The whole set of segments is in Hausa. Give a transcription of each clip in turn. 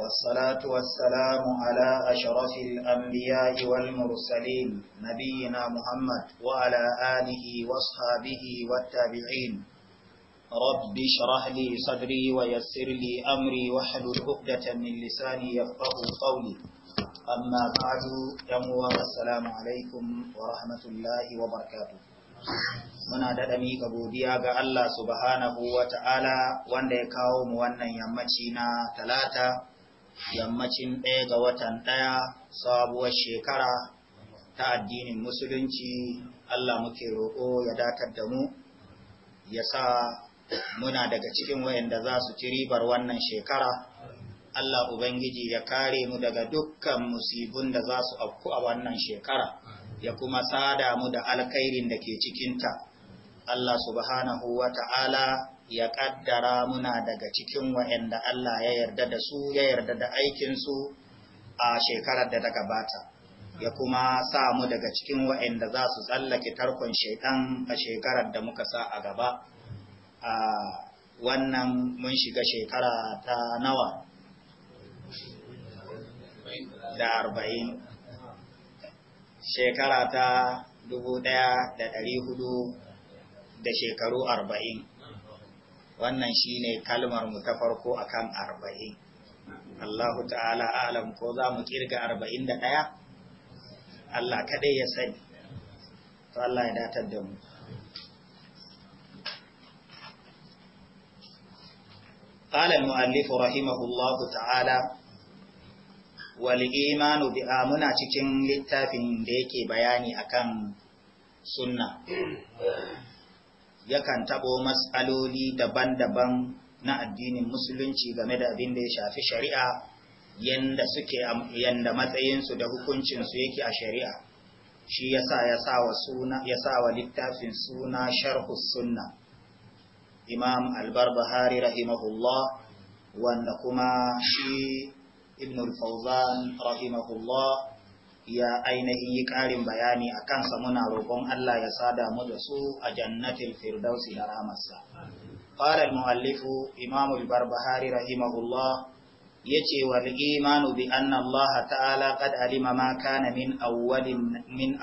والصلاة والسلام على أشرف الأنبياء والمرسلين نبينا محمد وعلى آله واصحابه والتابعين رب اشرح لي صدري ويسر لي أمري واحلل عقدة من لساني يفقه قولي أما بعد يموى السلام عليكم ورحمة الله وبركاته muna daɗa miƙa godiya ga Allah subhanahu wa ta'ala wanda ya kawo mu wannan yammaci na talata yammacin ɗaya ga watan ɗaya sabuwar shekara ta addinin musulunci Allah muke roƙo ya dakar da mu ya sa muna daga cikin wayanda za su ci ribar wannan shekara Allah Ubangiji ya kare mu daga dukkan musibin da za su afku a wannan shekara ya kuma sada mu da alkairin da ke cikinta Allah subhanahu wa ta'ala ya ƙaddara muna daga cikin wa'yanda Allah ya yarda da su ya yarda da aikinsu a shekarar da ta gabata ya kuma sa mu daga cikin wa'yanda za su tsallake tarkon shekan a shekarar da muka sa a gaba a wannan mun shiga shekara ta nawa da arba'in shekara ta dubu ɗaya da ɗari hudu da shekaru arba'in wannan ne kalmar mu ta farko akan arba'in Allahu ta'ala alam ko za mu kirga arba'in da ɗaya Allah kaɗai ya sani to Allah ya datar da mu قال المؤلف رحمه الله تعالى wal'imanu bi amuna cikin littafin da yake bayani akan sunna yakan taɓo matsaloli daban-daban na addinin musulunci game da abin da ya shafi shari'a yanda suke yanda matsayinsu da hukuncinsu yake a shari'a shi yasa ya sa suna ya littafin suna sharhu sunna imam al-barbahari rahimahullah wanda kuma shi ibn al-fawzan rahimahullah ya ainihin yi ƙarin bayani a kansa muna roƙon Allah ya sada mu da su a jannatin firdausi da ramarsa. Ƙarar muhallifu Imamul Barbahari rahimahullah ya ce wa imanu bi anna Allah ta'ala qad alima ma kana min awwalin min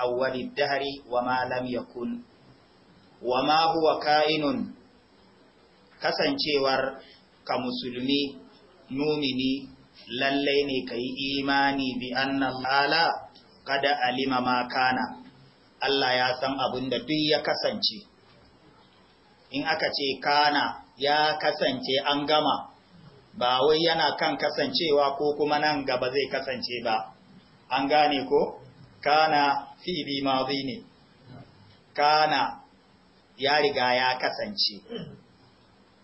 dahri wa ma lam yakun wa ma huwa ka'inun kasancewar ka musulmi mumini lallai ne kai imani bi anna Allah kada alima ma kana Allah ya san abin da duk ya kasance in aka ce kana ya kasance an gama ba wai yana kan kasancewa ko kuma nan gaba zai kasance ba an gane ko kana bi madhi ne kana ya riga ya kasance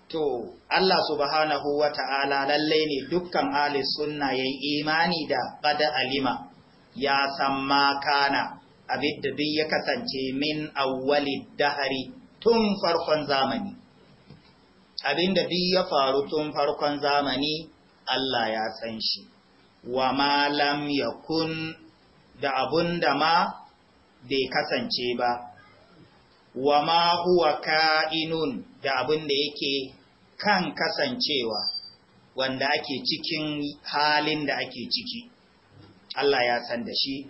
to Allah subhanahu ta'ala lalle ne dukkan ahli sunna yayin imani da qada alima ya san ma kana abinda duk ya kasance min awwalid dahari tun farkon zamani abinda duk ya faru tun farkon zamani Allah ya san shi wa ma lam yakun da abunda ma bai kasance ba wa ma huwa ka'inun da abin yake kan kasancewa wanda ake cikin halin da ake ciki Allah ya san da shi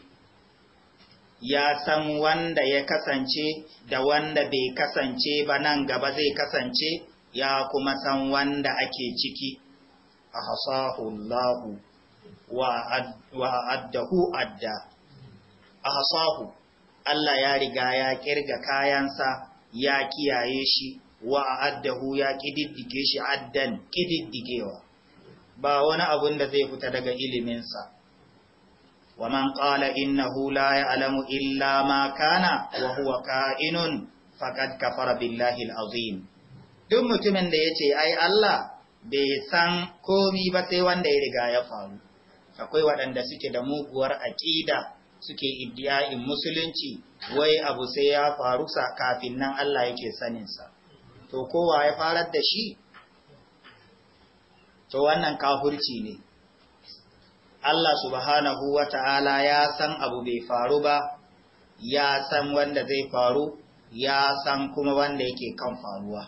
ya san wanda ya kasance da wanda bai kasance ba nan gaba zai kasance ya kuma san wanda ake ciki a hasahu wa addahu adda a hasahu Allah ya riga ya kirga kayansa ya kiyaye shi wa addahu ya kididdige shi addan kididdigewa ba wani abun da zai fita daga iliminsa ومن قال إنه لا يعلم إلا ما كان وهو كائن فقد كفر بالله العظيم duk mutumin da ya ce ai Allah bai san komi ba sai wanda ya riga ya faru akwai waɗanda suke da muguwar aƙida suke iddiyayin musulunci wai abu sai ya faru kafin nan Allah yake saninsa to kowa ya farar da shi to wannan kafurci ne Allah subhanahu wa ta'ala ya san abu bai faru ba, ya san wanda zai faru, ya san kuma wanda yake kan faruwa.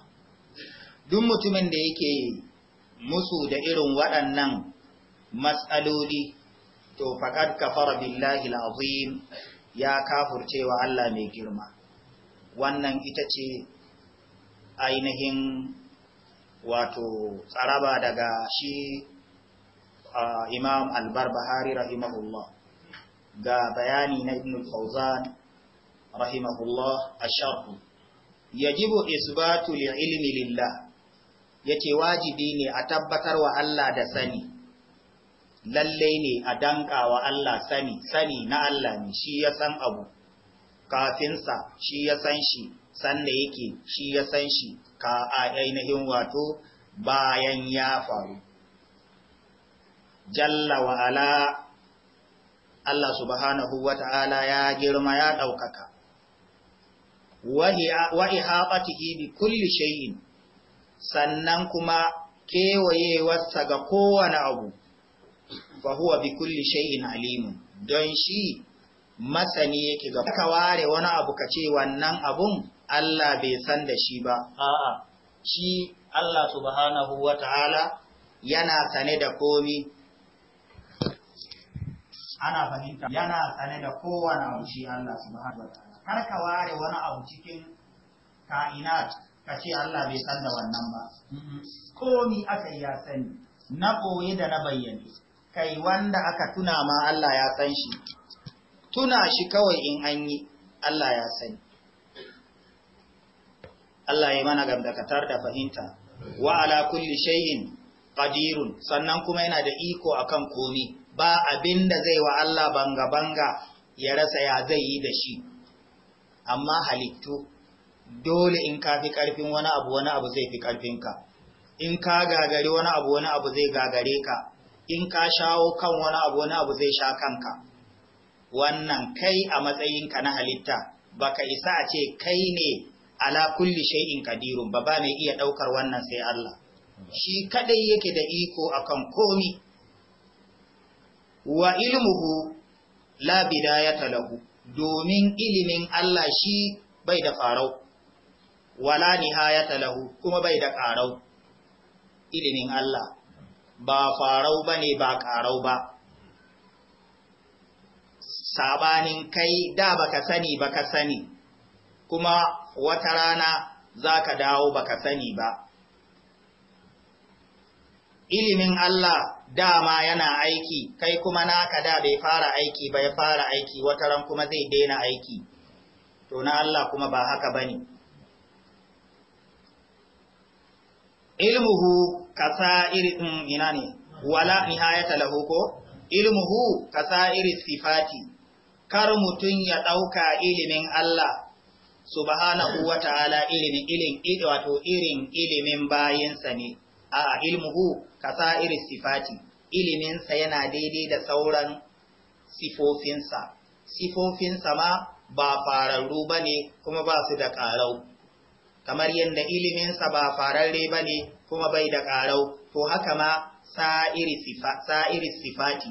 Duk mutumin da yake musu da irin waɗannan matsaloli, to faƙad kafara billahi azim ya kafurcewa Allah mai girma. Wannan ita ce ainihin wato tsaraba daga shi imam al-barbahari rahimahullah ga bayani na ibn al-fawzan rahimahullah asharhu yajibu isbatu li'ilmi lillah yace wajibi ne a tabbatar wa Allah da sani lalle ne a danka wa Allah sani sani na Allah ne shi ya san abu kafinsa shi ya san shi san da yake shi ya san shi ka ainihin wato bayan ya faru jalla wa ala Allah subhanahu wa ta'ala ya girma ya ɗaukaka, wa ihaɓatihi bi kulli shay'in sannan kuma kewayewarsa ga kowane abu, fa huwa bi kulli shay'in alimun, don shi masani yake ga ka ware wani abu ka ce wannan abun Allah bai san da shi ba, a'a, shi Allah subhanahu wa ta'ala yana sane da komi. ana fahimta yana tsane da kowane abu shi Allah subhanahu ta'ala kar ka ware wani abu cikin ka'inat ka ce Allah bai san da wannan ba komi aka yi ya sani na koyi da na bayyane kai wanda aka tuna ma Allah ya san shi tuna shi kawai in an yi Allah ya sani Allah ya mana gamdakatar da fahimta wa ala kulli shay'in qadirun sannan kuma yana da iko akan komi ba abinda zai wa Allah banga-banga ya rasa ya zai yi da shi, amma halittu dole in ka fi ƙarfin wani abu wani abu zai fi ƙarfinka, in ka gagari wani abu wani abu zai gagare ka, in ka shawo kan wani abu wani abu zai sha kanka. Wannan kai a matsayin ka na halitta, baka isa a ce kai ne ala kulli shay'in kadirun ba ba mai iya ɗaukar wannan sai Allah. Shi kaɗai yake da iko akan komi. wa ilmuhu la bidayata lahu domin ilimin Allah shi bai da farau wala nihayata lahu kuma bai da karau ilimin Allah ba farau bane ba karau ba sabanin kai da baka sani baka sani kuma wata rana zaka dawo baka sani ba ilimin Allah dama yana aiki kai kuma naka da bai fara aiki bai fara aiki wata ran kuma zai daina aiki to na Allah kuma ba haka bane ilmuhu kasa'iri mm, ina ne wala nihayata lahu ko ilmuhu kasa'iri sifati kar mutun ya ɗauka ilimin Allah subhanahu wata'ala ilimin ilin wato irin ilimin bayansa ne a ilmuhu iri sifati iliminsa yana daidai da sauran sifofinsa sifofinsa ma ba fararru ba ne kuma ba su da ƙarau kamar yadda iliminsa ba fararre ba ne kuma bai da ƙarau to haka ma sa'iri sifati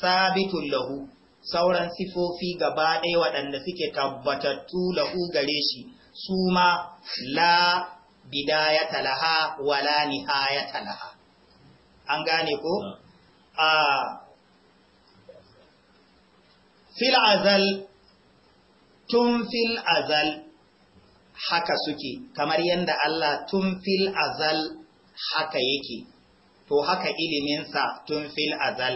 sabitun lahu sauran sifofi gaba ɗaya waɗanda suke tabbatattu lahu gare shi su ma la bidayata laha wala nihayata laha an gane ko a ah. ah. fil azal tun fil azal haka suke kamar yadda Allah tun fil azal haka yake to haka iliminsa tun fil azal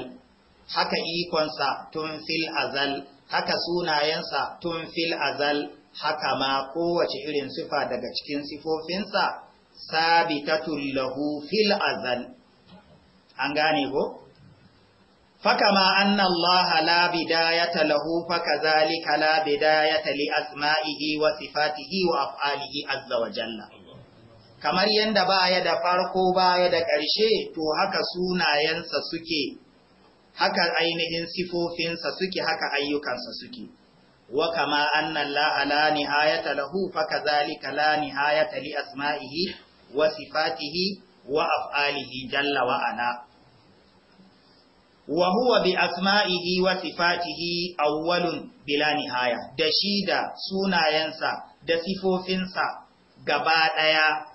haka ikonsa tun fil azal haka sunayensa tun fil azal haka ma kowace irin sifa daga cikin sifofinsa sabitatun lahu fil azal an gane ko ma anna Allah la bidayata lahu fakazalika la bidayata li asma'ihi wa sifatihi wa af'alihi azza wa jalla kamar yanda ya da farko ba ya da ƙarshe to haka sunayensa suke haka ainihin sifofinsa suke haka ayyukansa suke wa kama anna Allah la nihayata lahu fakazalika la nihayata li asma'ihi wa sifatihi wa af'alihi jalla wa ana. wa huwa bi asma'ihi wa sifatihi awwalun bila nihaya da shi da sunayensa da sifofinsa gaba daya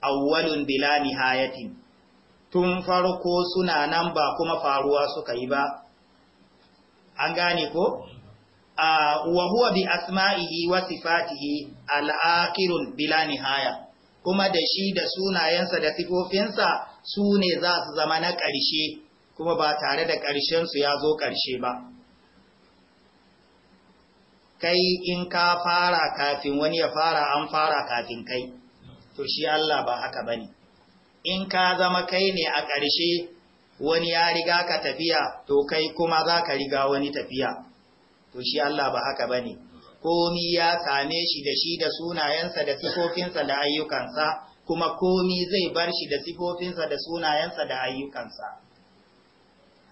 awwalun bila nihayatin tun farko suna nan ba kuma faruwa suka yi ba an gane ko wa huwa bi asma'ihi wa sifatihi al bila nihaya kuma da shi da sunayensa da sifofinsa su ne za su zama na ƙarshe kuma ba tare da ƙarshensu ya zo ƙarshe ba kai in ka fara kafin wani ya fara an fara kafin kai to shi Allah ba haka ne, in ka zama kai ne a ƙarshe wani ya riga ka tafiya to kai kuma za ka riga wani tafiya to shi Allah ba haka ba ne. komi ya same shi da shi da sunayensa da sifofinsa da ayyukansa kuma komi zai bar shi da sifofinsa da sunayensa da ayyukansa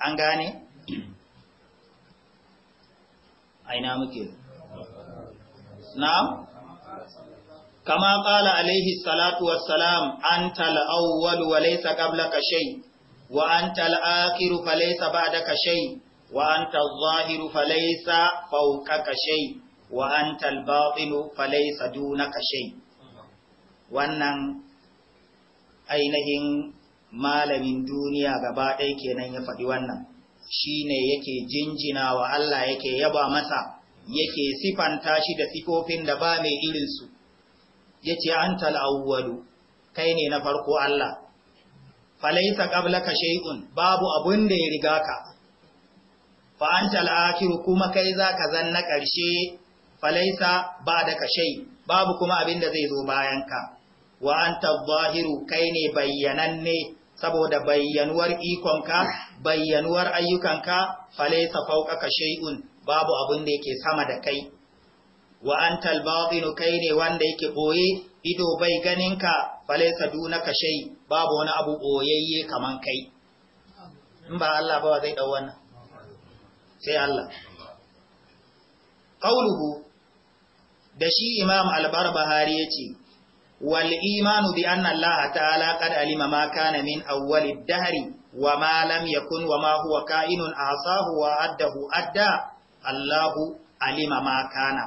an gane aina muke na'am kama qala alaihi salatu wassalam antal awwal wa laysa qablaka shay wa antal akhir fa laysa ba'daka shay wa antal zahir fa laysa fawqaka shay wa antal batin fa laysa dunaka shay wannan ainihin malamin duniya gaba ɗaya kenan ya faɗi wannan shi ne yake jinjina wa Allah yake yaba masa yake sifanta shi da sifofin da ba mai irinsu yace an awwalu kai ne na farko Allah falaisa ka shay'un babu abun da ya riga ka fa an tal'akiru kuma kai zaka zan na ƙarshe falaisa ba ka shay babu kuma abin da zai zo bayanka ka wa an zahiru kai ne bayyananne saboda bayyanuwar ikonka bayyanuwar ayyukanka falaisa fawqaka shay'un babu abin da yake sama da kai wa antal batinu kai ne wanda yake ɓoye, ido bai ganin ka, ganinka duna ka shay babu wani abu boyayye kaman kai in ba Allah ba zai dau wannan sai Allah qauluhu da shi imam al-barbahari yace wal imanu bi anna Allah ta'ala qad alima ma kana min awwalid dahri wa ma lam yakun wa ma huwa ka'inun asahu wa addahu adda Allahu alima ma kana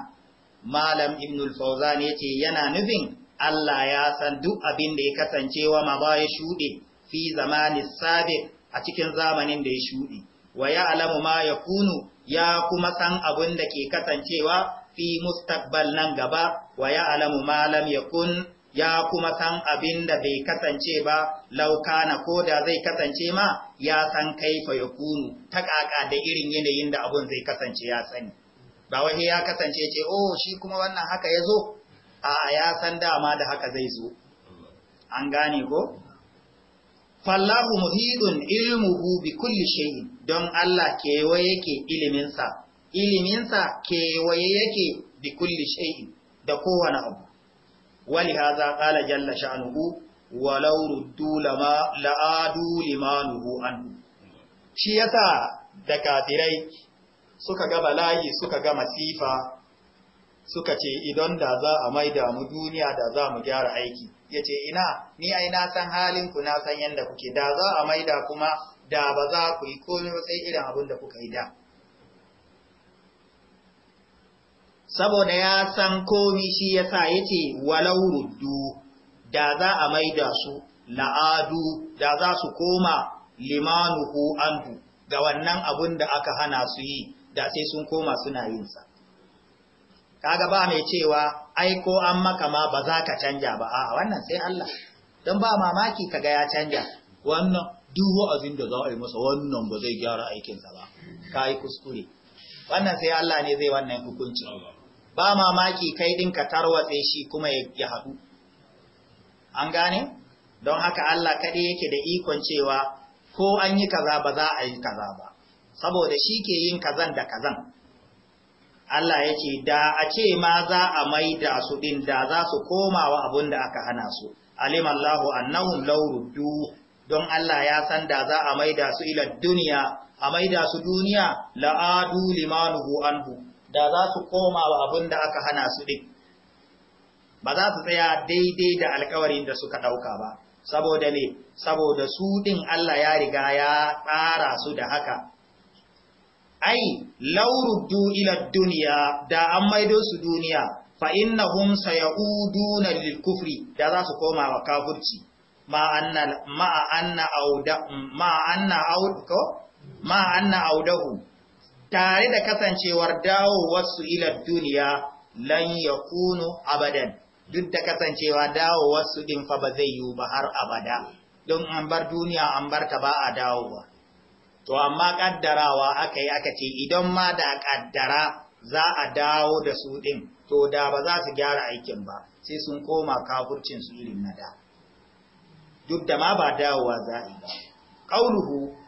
malam ibnul fawzan yace yana nufin Allah ya san duk abin da ya kasance ma ba ya shude fi zamanin sabiq a cikin zamanin da ya shude wa alamu ma yakunu ya kuma san abin da ke kasancewa fi mustaqbal nan gaba wa alamu ma lam yakun ya kuma san abin da bai kasance ba lauka na ko da zai kasance ma ya san kai fa ya kunu ta kaka da irin yanayin da abun zai kasance ya sani ba wani ya kasance ce oh shi kuma wannan haka ya zo a ya san dama da haka zai zo an gane ko fallahu muhidun ilmuhu bi kulli shay don Allah kewaye yake iliminsa iliminsa kewaye yake bi kulli shay da kowane abu Wani haza kala jalla sha'nuhu wa ruddu lama la'adu limanuhu an? shi yasa da kafirai suka ga bala'i suka ga masifa suka ce idan da za a maida mu duniya da za mu gyara aiki ya ce ina ni ai na san halinku na san yadda kuke da za a maida kuma da ba za ku yi komai sai irin abin da kuka yi da saboda ya san komi shi ya sa ya ce walau ruddu da za a maida su la'adu da za su koma limanuhu anhu ga wannan abun da aka hana su yi da sai sun koma suna yinsa kaga ba mai cewa ai ko an maka ma ba za ka canja ba a wannan sai Allah don ba mamaki kaga ya canja wannan duk wa'azin da za a yi masa wannan ba zai gyara aikinsa ba ka yi kuskure wannan sai Allah ne zai wannan hukunci ba mamaki kai din tarwatse shi kuma ya haɗu an gane don haka Allah kaɗai yake da ikon cewa ko an yi kaza ba za a yi kaza ba saboda shi ke yin kazan da kazan Allah ya ce da a ce ma za a maida su ɗin da za su komawa abin da aka hana su alimallahu annahum lauruddu don Allah ya san da za a maida su ila duniya a da su duniya la'adu limanuhu anhu da za su koma wa abin da aka hana su ɗin, ba za su tsaya daidai da alkawarin da suka ɗauka ba saboda ne saboda su ɗin Allah ya riga ya tsara su da haka ai lauruddu ila duniya da an maido su duniya fa innahum sayuduna lil kufri da za su koma wa kafirci ma anna ma anna auda ma anna auda ma anna audahu tare da kasancewar dawowarsu ila duniya lan ya kunu abadan duk da kasancewa dawowarsu din fa ba zai yiwu ba har abada don an bar duniya an bar ta ba a dawo dawowa to amma kaddarawa aka yi aka ce idan ma da kaddara za a dawo da su din to da ba za su gyara aikin ba sai sun koma kafurcin su irin na da duk da ma ba dawowa za a yi ba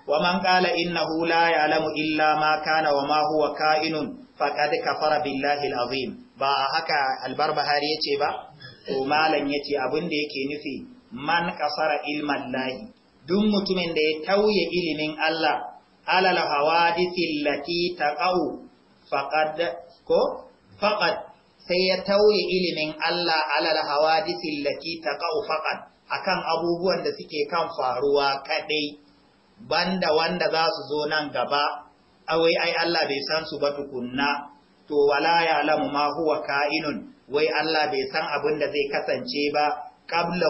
wa man qala innahu la ya'lamu illa ma kana wa ma huwa ka'inun faqad kafara billahi azim ba haka albarbahari yace ba to malam yace abin da yake nufi man kasara ilman lahi duk mutumin da ya tauye ilimin Allah alal hawadithil lati taqau faqad ko faqad sai ya tauye ilimin Allah alal hawadithil lati taqau faqad akan abubuwan da suke kan faruwa kadai banda wanda za su zo nan gaba awai ai Allah bai san su ba tukunna to wala ya lamu ma huwa ka'inun wai Allah bai san abin da zai kasance ba qabla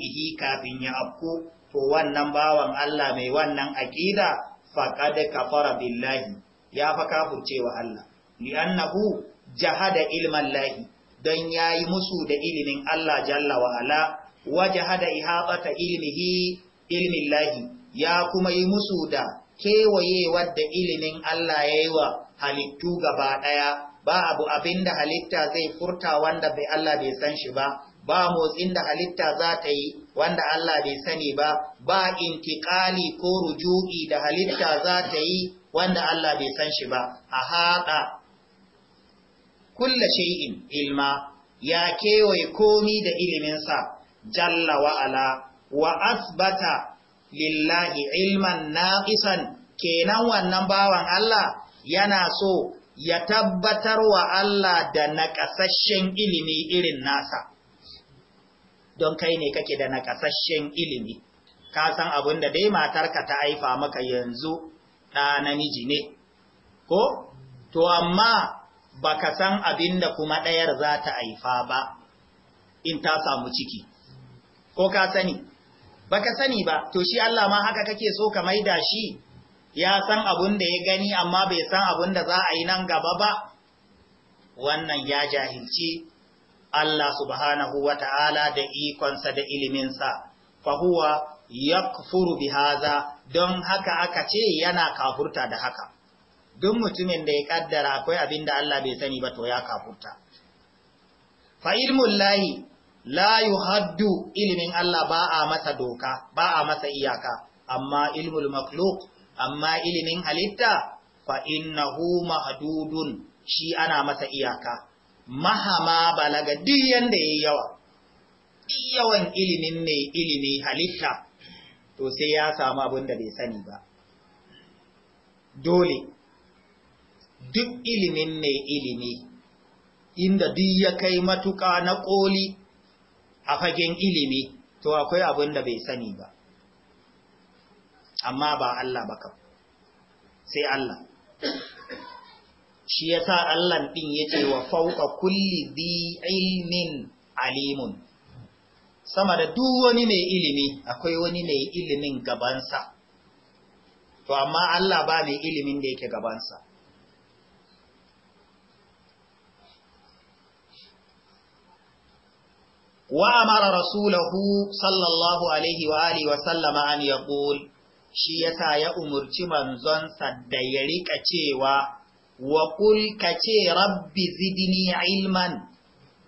ihi kafin ya afku to wannan bawan Allah mai wannan aqida faqad kafara billahi ya fa kafurcewa Allah li'annahu jahada ilman lahi don yayi musu da ilimin Allah jalla wa ala wa jahada ihabata ilmihi ilmin lahi ya kuma yi musu da kewayewar da ilimin Allah ya yi wa halittu gaba ɗaya ba abu abin da halitta zai furta wanda bai Allah bai san shi ba ba motsin da halitta za ta yi wanda Allah bai sani ba ba intikali ko rujuki da halitta za ta yi wanda Allah bai san shi ba a haɗa kulla shay'in ilma ya kewaye komi da iliminsa jalla wa'ala wa asbata lillahi ilman naqisan kenan wannan bawan Allah yana so ya tabbatar wa Allah da naƙasasshen ilimi irin nasa don kai ne kake da naƙasasshen ilimi ka san abin da dai matarka ta haifa maka yanzu da namiji ne ko to amma baka san abin da kuma ɗayar za ta haifa ba in ta samu ciki ko ka sani baka sani ba to shi Allah ma haka kake so ka maida shi ya san abun da ya gani amma bai san abun da za a yi nan gaba ba wannan ya jahilci Allah subhanahu wata'ala da ikonsa da iliminsa fa huwa yakfuru bi don haka aka ce yana kafurta da haka duk mutumin da ya kaddara akwai abin da Allah bai sani ba to ya kafurta fa ilmullahi la yuhaddu ilimin Allah ba a masa doka ba a masa iyaka amma ilmul makhluq amma ilimin halitta fa innahu mahdudun shi ana masa iyaka mahama balaga duk yanda yayi yawa duk yawan ilimin mai ilimi halitta to sai ya samu abin da bai sani ba dole duk ilimin ne ilimi inda duk ya kai matuka na koli a fagen ilimi to akwai abin da bai sani ba amma ba Allah ba kam sai Allah shi yasa Allah din yace wa fauqa kulli bi ilmin alimun sama da duk wani mai ilimi akwai wani mai ilimin gabansa to amma Allah ba mai ilimin da yake gabansa wa amara rasulahu sallallahu alaihi wa wa sallama an shi yasa ya umarci manzonsa da ya rika cewa wa ce rabbi zidni ilman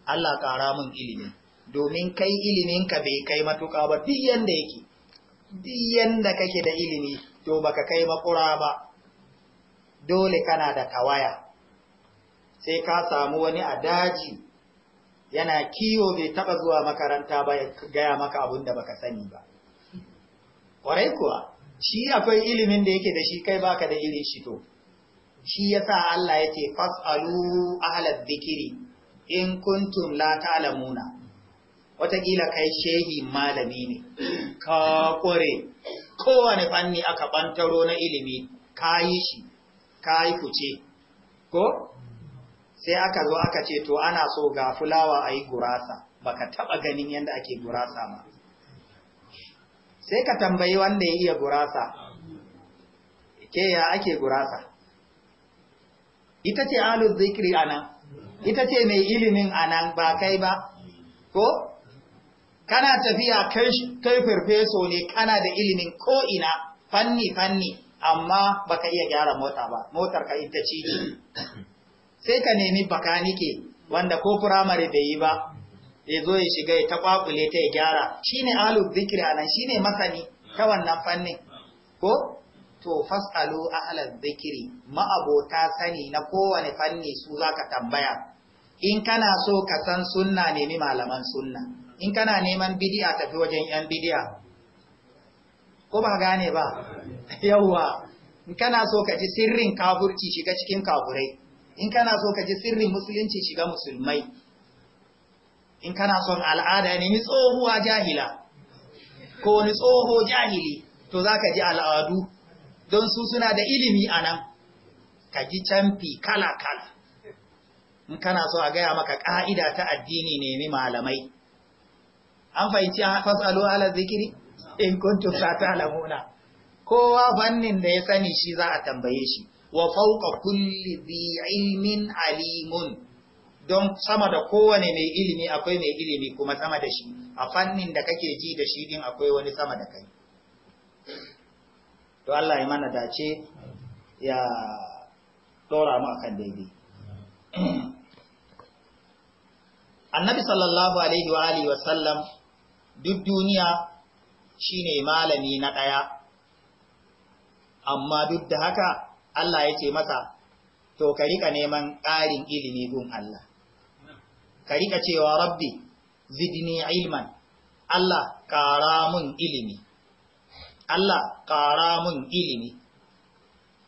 Allah ƙara mun ilimi domin kai ilimin bai kai matuƙa ba duk yanda yake duk yanda kake da ilimi to baka kai makura ba dole kana da tawaya sai ka samu wani a daji yana kiyo bai taba zuwa makaranta ba ya gaya maka abun da baka sani ba kwarai kuwa shi akwai ilimin da yake da shi kai baka da irin shi to shi yasa Allah yake fasalu ahlal bikiri, in kuntum la ta'lamuna watakila kai shehi malami ne ka kware kowane fanni aka bantaro na ilimi kayi shi kayi kuce ko sai aka zo aka ce to ana so ga fulawa a yi gurasa baka taba ganin yadda ake gurasa ba sai ka tambayi wanda ya iya gurasa ke ya ake gurasa ita ce alu a anan ita ce mai ilimin anan ba kai ba ko kana tafiya kai farfeso ne kana da ilimin ko'ina fanni-fanni amma baka iya gyara mota ba motar ka ita ce sai ka nemi bakanike wanda ko firamare bai yi ba ya zo ya shiga ya taƙwaƙule ta ya gyara shi ne alu zikiri a nan shi ne masani ta wannan fannin ko to fasalu halar zikiri ma'abota sani na kowane fanni su za ka tambaya in kana so ka san sunna nemi malaman sunna in kana neman bidiya tafi wajen yan bidiya? ko ba gane ba yawwa in kana so ka ji sirrin kafurci shiga cikin kafurai in kana so ka ji sirrin musulunci shiga musulmai in kana son al'ada ne ni tsohuwa jahila ko ni tsoho jahili to za ka ji al'adu don su suna da ilimi a nan ka ji camfi kala-kala in kana so a gaya maka ƙa'ida ta addini ne ni malamai an fahimci a fasalo ala zikiri in kuntum ta lamuna. kowa fannin da ya sani shi za a tambaye shi wa fauka kulli dhi ilmin alimun don sama da kowane mai ilimi akwai mai ilimi kuma sama da shi a fannin da kake ji da shi din akwai wani sama da kai to Allah ya mana dace ya dora mu akan daidai annabi sallallahu alaihi wa alihi sallam duk duniya shine malami na daya amma duk da haka Allah ya ce masa to ka rika neman ƙarin ilimi gun Allah ka rika cewa rabbi zidni ilman Allah ƙara mun ilimi Allah ƙara mun ilimi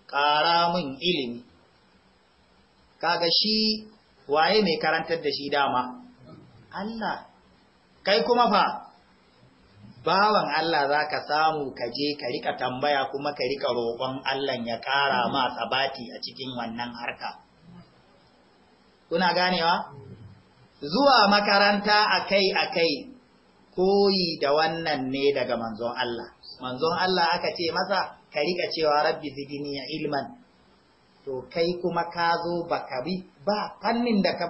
ƙara mun ilimi kaga shi waye mai karantar da shi dama Allah kai kuma fa bawan Allah za ka samu ka je ka rika tambaya kuma ka rika roƙon Allah ya ƙara ma sabati a cikin wannan harka. Kuna ganewa? Zuwa makaranta akai-akai koyi da wannan ne daga manzon Allah. Manzon Allah aka ce masa ka rika cewa rabbi zidini ilman. To kai kuma ka zo ba ka bi ba fannin da ka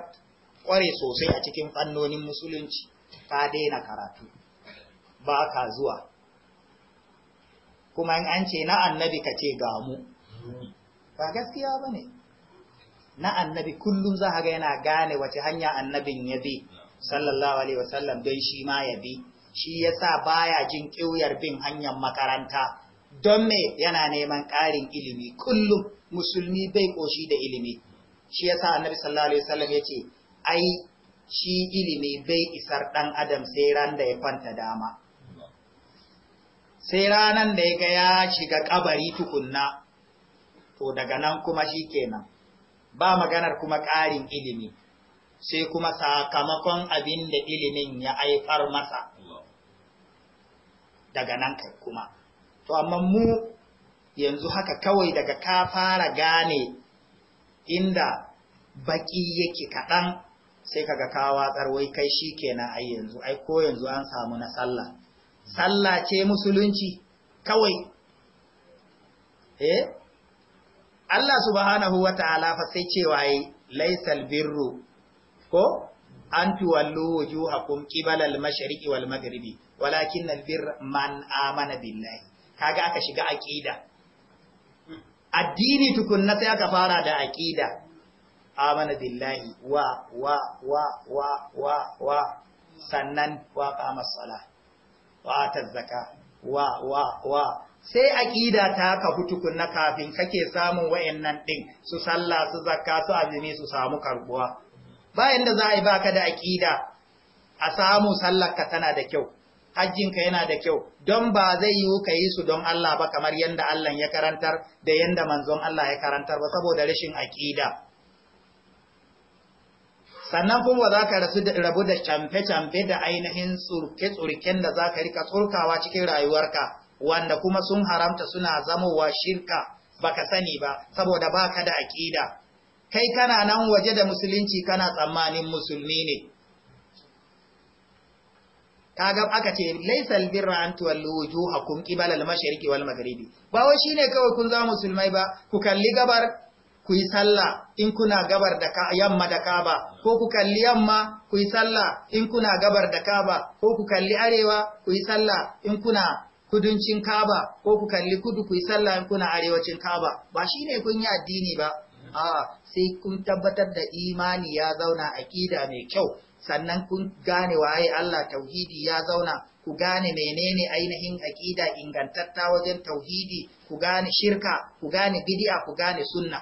ƙware sosai a cikin fannonin musulunci ka daina karatu. ba ka zuwa kuma in an ce na annabi ka ce ga mu ba gaskiya ba ne na annabi kullum za ga yana gane wace hanya annabin ya bi sallallahu alaihi wasallam don shi ma ya bi shi ya sa baya jin ƙiwuyar bin hanyar makaranta don me yana neman ƙarin ilimi kullum musulmi bai ƙoshi da ilimi shi ya sa annabi sallallahu alaihi wasallam ya ce ai shi ilimi bai isar ɗan adam sai ran da ya kwanta dama sai ranan da ya ga ya shiga kabari tukunna to daga nan kuma shi kenan ba maganar kuma ƙarin ilimi sai kuma sakamakon abin da ilimin ya aifar masa daga nan kai kuma to amma mu yanzu haka kawai daga ka fara gane inda baki yake kaɗan sai kaga ka watsar wai kai shi kenan ai yanzu ai ko yanzu an samu na sallah sallah ce musulunci kawai eh Allah subhanahu wata'ala fa sai cewa yi laisal birru ko an tuwallu wujuhakum qibala al-mashriqi wal maghribi walakin al-birra man amana billahi kaga aka shiga aqida addini tukunna sai aka fara da aqida amana billahi wa wa wa wa wa wa sannan wa qama salat fatar zaka wa wa wa sai aƙida ta ka hutukun na kafin kake samun wayannan ɗin su sallah su zakka su azumi su samu karbuwa bayan da za a yi baka da aƙida a samu sallar ka tana da kyau hajjin ka yana da kyau don ba zai yiwu ka yi su don Allah ba kamar yadda Allah ya karantar da yadda manzon Allah ya karantar ba saboda rashin aƙida sannan kuma za ka rabu da camfe-camfe da ainihin tsurke-tsurken da za ka rika tsurkawa cikin rayuwarka wanda kuma sun haramta suna zamowa shirka baka sani ba saboda baka da aƙida kai kana nan waje da musulunci kana tsammanin musulmi ne kaga aka ce laisal birra an tuwallu wujuhakum qibala al-mashriqi wal maghribi ba wai ne kawai kun zama musulmai ba ku kalli gabar ku yi sallah in kuna gabar da yamma da kaba ko ku kalli yamma ku yi sallah in kuna gabar da kaba ko ku kalli arewa ku yi sallah in kuna kuduncin kaba ko ku kalli kudu ku yi sallah in kuna arewacin kaba ba shine kun yi addini ba a sai kun tabbatar da imani ya zauna aqida mai kyau sannan kun gane waye Allah tauhidi ya zauna ku gane menene ainihin aƙida ingantatta wajen tauhidi ku gane shirka ku gane bid'a ku gane sunna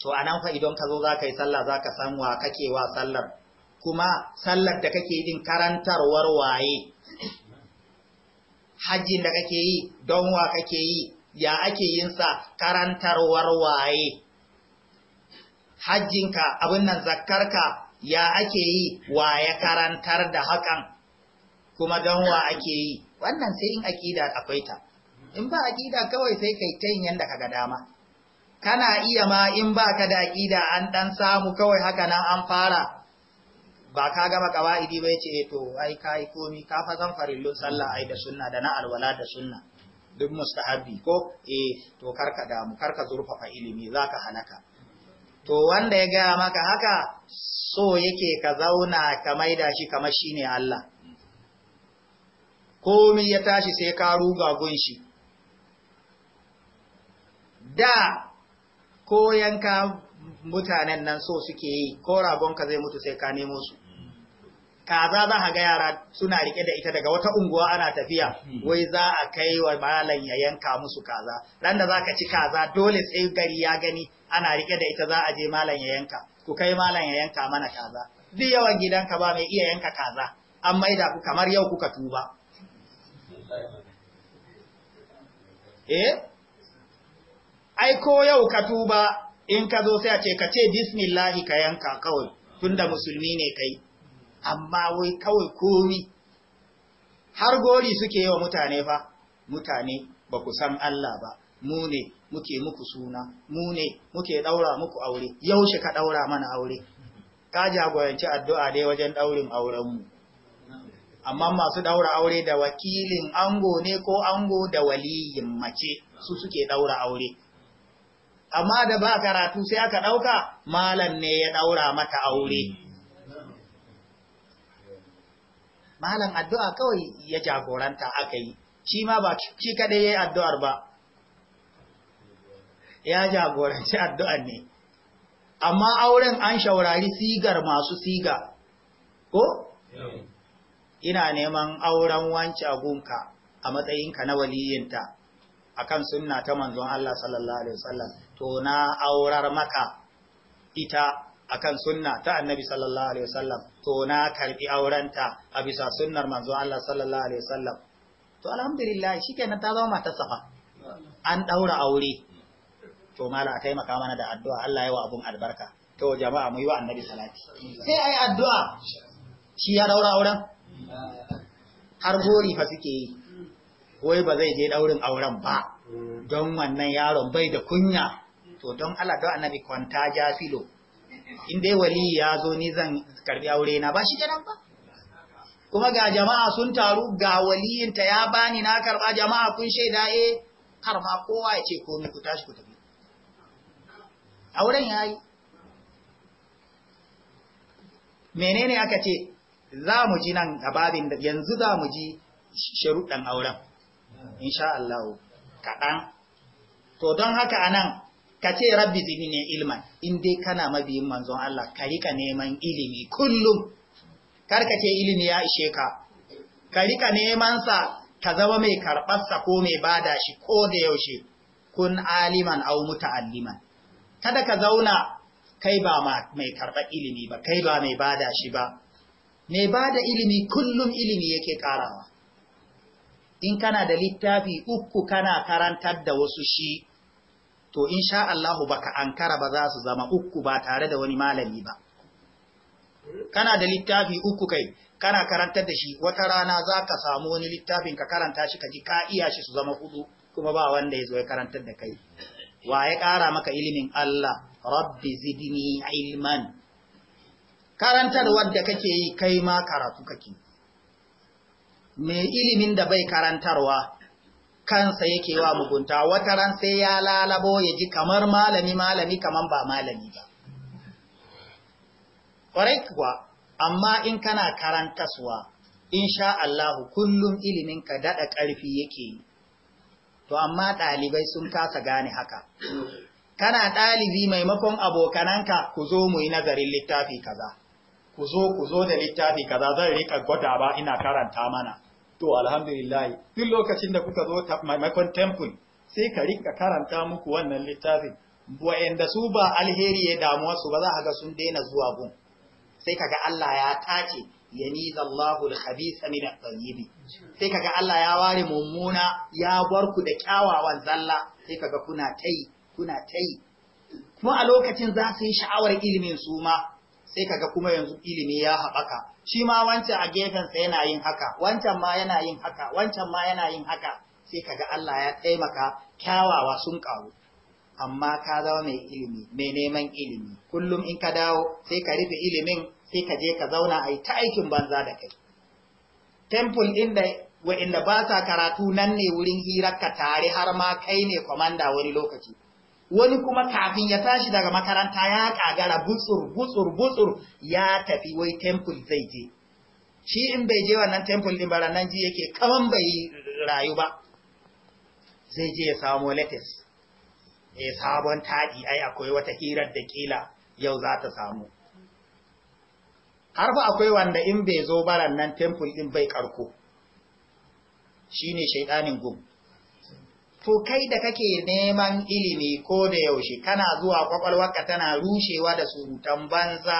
to a nan fa idan ka zo za ka yi sallah za ka san wa kake wa sallar kuma sallar da kake yi din karantarwar waye hajjin da kake yi don wa kake yi ya ake yin sa karantarwar waye hajjinka abin nan zakkarka ya ake yi wa ya karantar da hakan kuma don wa ake yi wannan sai in akida akwai ta in ba akida kawai sai kai ta yin ka ga dama kana iya ma in ba ka da aƙida an ɗan samu kawai haka nan an fara ba ka gama ƙawa'idi ba ce eh to ai ka yi komi ka fa zan farillun sallah ai da sunna da na alwala da sunna duk mustahabi ko eh to karka damu karka zurfafa ilimi za ka halaka to wanda ya gaya maka haka so yake ka zauna ka maida shi kamar shi ne Allah komi ya tashi sai ka ruga gunshi da ko yanka mutanen nan so suke yi ko ragonka zai mutu sai ka nemo su kaza za a ga yara suna rike da ita daga wata unguwa ana tafiya hmm. wai za a kai wa malam ya yanka musu kaza dan da zaka ci kaza dole sai gari ya gani ana rike da ita za a je malam ya yanka ku kai malam ya yanka mana kaza duk yawan gidanka ba mai iya yanka kaza an maida ku kamar yau kuka tuba eh ai ko yau ka tuba in ka zo sai a ce ka ce bismillahi ka yanka kawai tunda musulmi ne kai amma wai kawai komi har gori suke yi wa mutane ba, mutane ba ku san Allah ba mu ne muke muku suna mu ne muke daura muku aure yaushe ka daura mana aure ka jagoranci addu'a dai wajen daurin aurenmu amma masu daura aure da wakilin ango ne ko ango da waliyin mace su suke daura aure amma da ba karatu sai aka ɗauka malam ne ya ɗaura mata aure malam addu'a kawai ya jagoranta aka yi shi ma ba shi kaɗai ya yi addu'ar ba ya jagoranci addu'a ne amma auren an shaurari sigar masu siga ko? ina neman auren wance agunka a matsayinka na waliyinta akan sunna ta manzon Allah sallallahu alaihi wasallam to na aurar maka ita akan sunna ta annabi sallallahu alaihi wasallam to na karbi aurenta a bisa sunnar manzo Allah sallallahu alaihi wasallam to alhamdulillah shikenan ta zama mata safa an daura aure to mala a taimaka mana da addu'a Allah ya wa abun albarka to jama'a mu yi wa annabi salati sai ayi addu'a shi ya daura auren har gori fa suke yi wai ba zai je daurin auren ba don wannan yaron bai da kunya to don Allah don annabi kwanta ja filo in dai wali ya zo ni zan karbi aure na ba shi nan ba kuma ga jama'a sun taru ga waliyinta ya bani na karba jama'a kun shaida eh karma kowa ya ce komai ku tashi ku tafi auren yayi menene aka ce za mu ji nan a babin da yanzu za mu ji sharuɗan auren insha Allah kaɗan to don haka anan ka ce rabbi zidni ilman in dai kana mabiyin manzon Allah ka rika neman ilimi kullum kar ka ce ilimi ya ishe ka ka rika neman sa ka zama mai karɓar sa ko mai bada shi ko da yaushe kun aliman aw muta'alliman kada ka zauna kai ba mai karɓar ilimi ba kai ba mai bada shi ba mai bada ilimi kullum ilimi yake karawa in kana da littafi uku kana karantar da wasu shi to in sha Allahu baka ankara ba za su zama uku ba tare da wani malami ba kana da littafi uku kai kana karantar da shi wata rana za ka samu wani littafin ka karanta shi ka ji ka iya shi su zama hudu kuma ba wanda ya zo ya karantar da kai wa ya ƙara maka ilimin Allah rabbi zidni ilman karantar wadda kake yi kai ma karatu kake me ilimin da bai karantarwa kansa yake wa mugunta wata ran sai ya lalabo ya ji kamar malami malami kamar ba malami ba ƙwarai kuwa amma in kana karantaswa insha Allahu kullum ilimin ka daɗa ƙarfi yake yi to amma ɗalibai sun kasa gane haka kana ɗalibi maimakon abokananka ku zo mu yi nazarin littafi kaza ku zo ku zo da littafi kaza zan rika gwada ba ina karanta mana to alhamdulillah duk lokacin da kuka zo maimakon temple sai ka rinka karanta muku wannan littafin wa'anda su ba alheri ya damu su ba za ka ga sun daina zuwa gun sai kaga Allah ya tace yaniza Allahu al min at tayyibi sai kaga Allah ya ware mummuna ya barku da kyawawan zalla sai kaga kuna tai kuna tai kuma a lokacin za su yi sha'awar ilimin su ma sai kaga kuma yanzu ilimi ya haɓaka shi ma wancan a gefensa yana yin haka wancan ma yana yin haka wancan ma yana yin haka sai kaga Allah ya taimaka kyawawa sun ƙaru. amma ka zama mai ilimi mai neman ilimi kullum in ka dawo sai ka rufe ilimin sai ka je ka zauna a yi ta aikin banza da kai temple din da wa'inda ba sa karatu nan ne wurin hirar ka tare har ma kai ne kwamanda wani lokaci wani kuma kafin ya tashi daga makaranta ya kagara butsur butsur butsur ya tafi wai temple zai je shi in bai je wannan temple din bara nan ji yake kaman bai rayu ba zai je ya samu latest ya sabon taɗi ai akwai wata hirar da kila yau za ta samu har ba akwai wanda in bai zo baran nan temple din bai karko shine shaidanin gum to kai da kake neman ilimi ko da yaushe kana zuwa kwakwalwarka tana rushewa da surutan banza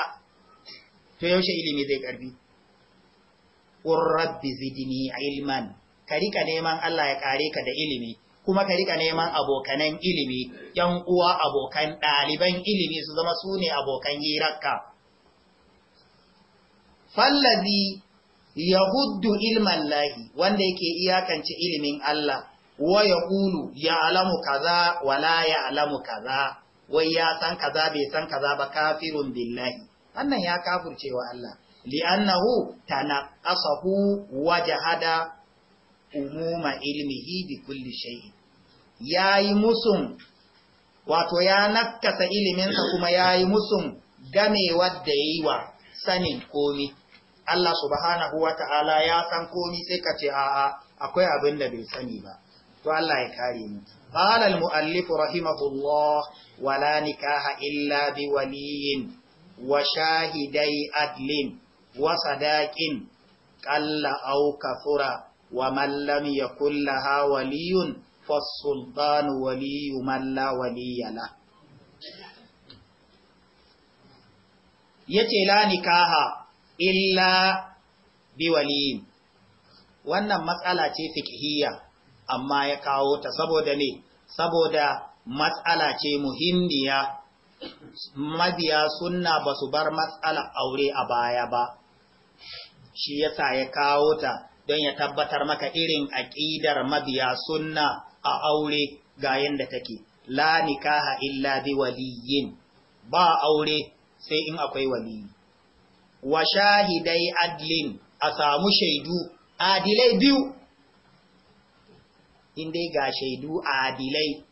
to yaushe ilimi zai karbi rabbi zidni ilman ka rika neman Allah ya kare ka da ilimi kuma ka rika neman abokanan ilimi yan uwa abokan ɗaliban ilimi su zama su ne abokan hirarka fallazi yahuddu ilman lahi wanda yake iyakance ilimin Allah wa ya ya alamu kaza wala ya alamu kaza wai ya san kaza bai san kaza ba kafirun billahi wannan ya kafurce wa Allah li'annahu tanaqasahu wa jahada umuma ilmihi bi kulli shay'i yayi musun wato ya nakasa iliminsa kuma yayi musun gamewar da yayi wa sanin komi Allah subhanahu wa ta'ala ya san komi sai ka ce a'a akwai abin da bai sani ba to Allah ya kare mu qala al muallif rahimahullah wala nikaha illa bi waliyin wa shahidai adlin wa sadaqin qalla aw kathura wa mallam ya kulla laha waliyun fasultanu waliyu man la waliya la yace la nikaha illa bi waliyin wannan matsala ce fiqhiyya amma ya kawo ta saboda ne saboda matsala ce muhimmiya mabiya sunna ba su bar matsala aure a baya ba shi yasa ya kawo ta don ya tabbatar maka irin aƙidar mabiya sunna a aure ga yadda take la nikaha illa bi waliyin ba aure sai in akwai waliyi wa shahidai adlin a samu shaidu adilai biyu in dai ga shaidu adilai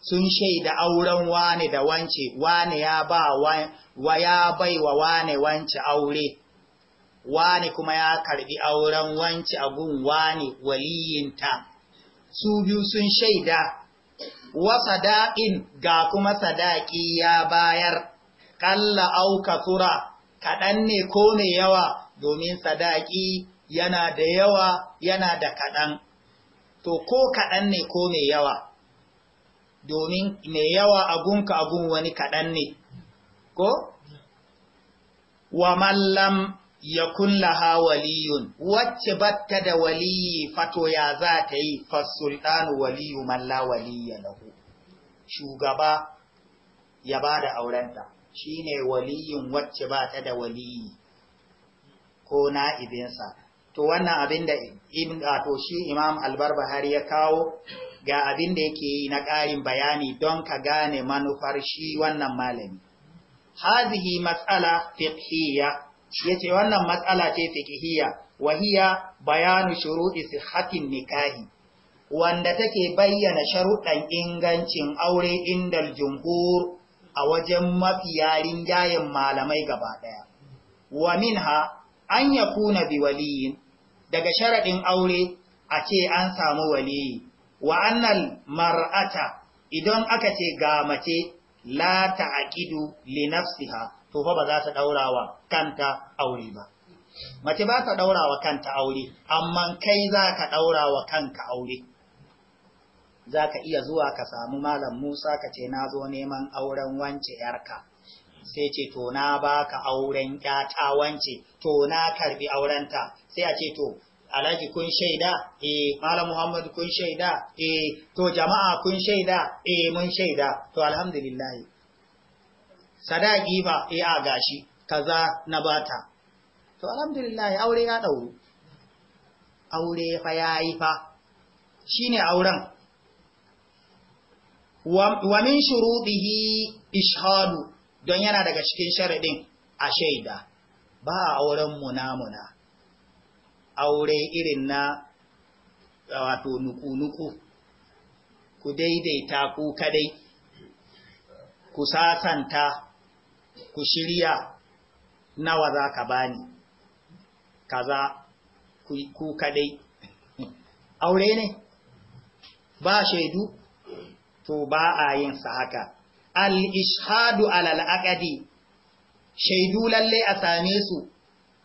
sun shaida auren wane da wance wane ya ba wa ya bai wa wane wance aure wane kuma ya karbi auren wance a gun wane waliyinta su biyu sun shaida wa sadaqin ga kuma sadaqi ya bayar kalla au katura kaɗan ne ko mai yawa domin sadaqi yana da yawa yana da kaɗan to ko kaɗan ne ko mai yawa domin mai yawa abunka abun wani kaɗan ne ko wa mallam ya kulla waliyun wacce batta da waliyi fato ya za ta yi fasultanu waliyu malla waliya lahu shugaba ya ba da aurenta shi ne waliyun wacce ba ta da waliyi ko na'ibinsa to wannan abin da to shi imam Har ya kawo ga abin da yake yi na ƙarin bayani don ka gane manufar shi wannan malami hazihi matsala fiqhiyya yace wannan matsala ce fiqhiyya wahiya bayanu shuruɗi sihhatin nikahi wanda take bayyana sharuɗan ingancin aure inda jumhur a wajen mafiya rinjayen malamai gaba ɗaya. Wa minha an ya kuna bi waliyin daga sharaɗin aure a ce an samu waliyi wa annal mar'ata idan aka ce ga mace la ta'qidu li nafsiha to fa ba za ta daurawa kanta aure ba mace ba ta daurawa kanta aure amma kai za ka daurawa kanka aure za ka iya zuwa ka samu malam Musa ka ce na zo neman auren wance yarka sai ce to na baka auren yata wance to na karbi aurenta sai a ce to alhaji kun shaida eh malam muhammad kun shaida eh to jama'a kun shaida eh mun shaida to alhamdulillah sadaki ba e eh, a gashi kaza na bata to alhamdulillah aure ya dauro aure fa yayi fa shine auren wa min shurubihi ishadu don yana daga cikin sharadin a shaida ba a auren munamuna aure irin na wato nuku-nuku ku daidaita ku kadai ku sasanta ku shirya nawa za ka bani kaza ku kadai aure ne ba shaidu to ba a yin sa haka al-ishadu alal aqdi shaidu lalle a same su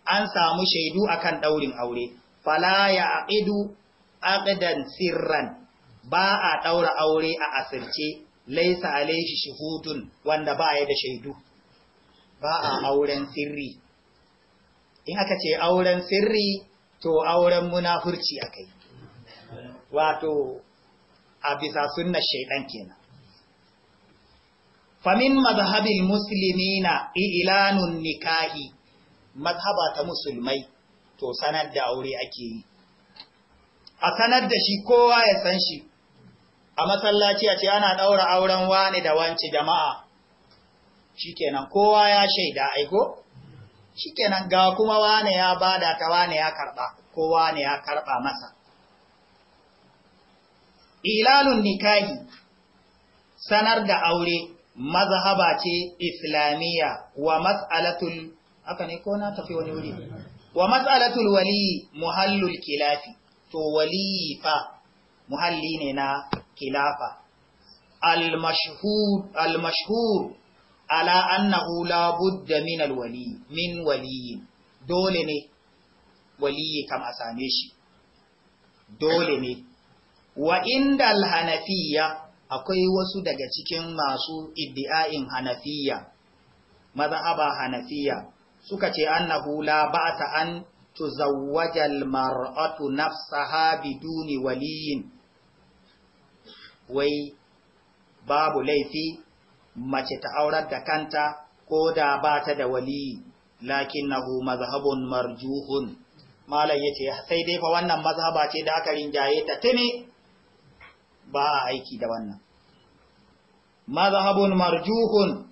an samu shaidu akan ɗaurin aure fala ya aqidu aqdan sirran ba a ɗaura aure a asirce laisa shi shuhudun wanda ba ya da shaidu ba a auren sirri in aka ce auren sirri to auren munafurci akai wato a bisa sunnar shaidan kenan famin mazhabin musulmi na ilanun nikahi mazhaba ta musulmai to sanar da aure ake yi a sanar da shi kowa ya san shi a masallaci a ce ana ɗaura auren wani da wance jama'a shikenan kowa ya shaida aiko shikenan ga kuma wani ya bada ta wani ya karba kowa ne ya karba masa ilalun nikahi sanar da aure mazhaba ce islamiyya wa mas'alatul haka ne ko na tafi wani wuri wa mas'alatul wali muhallul kilafi to wali fa muhalli ne na kilafa al mashhur al mashhur ala annahu la budda min al wali min wali dole ne waliyi kam a same shi dole ne wa inda al hanafiya akwai wasu daga cikin masu iddi'a'in hanafiya mazhaba hanafiya suka ce annahu la ta an tuzawwaja al-mar'atu nafsaha biduni waliyin wai babu laifi mace ta aurar da kanta ko da ba ta da waliyi lakinnahu mazhabun marjuhun malam yace sai dai fa wannan mazhaba ce da aka rinjaye ta tuni ba aiki da wannan mazhabun marjuhun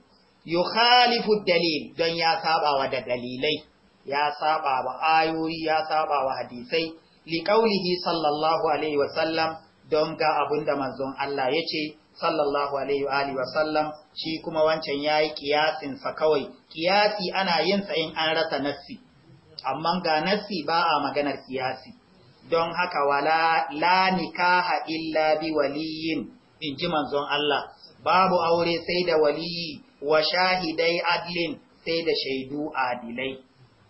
yukhalifu dalil don ya sabawa da dalilai ya saba wa ayoyi ya saba wa hadisai liƙaulihi sallallahu alaihi sallam don ga abun da manzon Allah ya ce sallallahu alaihi sallam. shi kuma wancan ya yi ƙiyasinsa kawai ƙiyasi ana yin in an rasa nassi amma ga nassi ba a maganar ƙiyasi don haka wala la nikaha illa bi waliyin in ji manzon Allah babu aure sai da waliyi wa shahidai adlin sai da shaidu adilai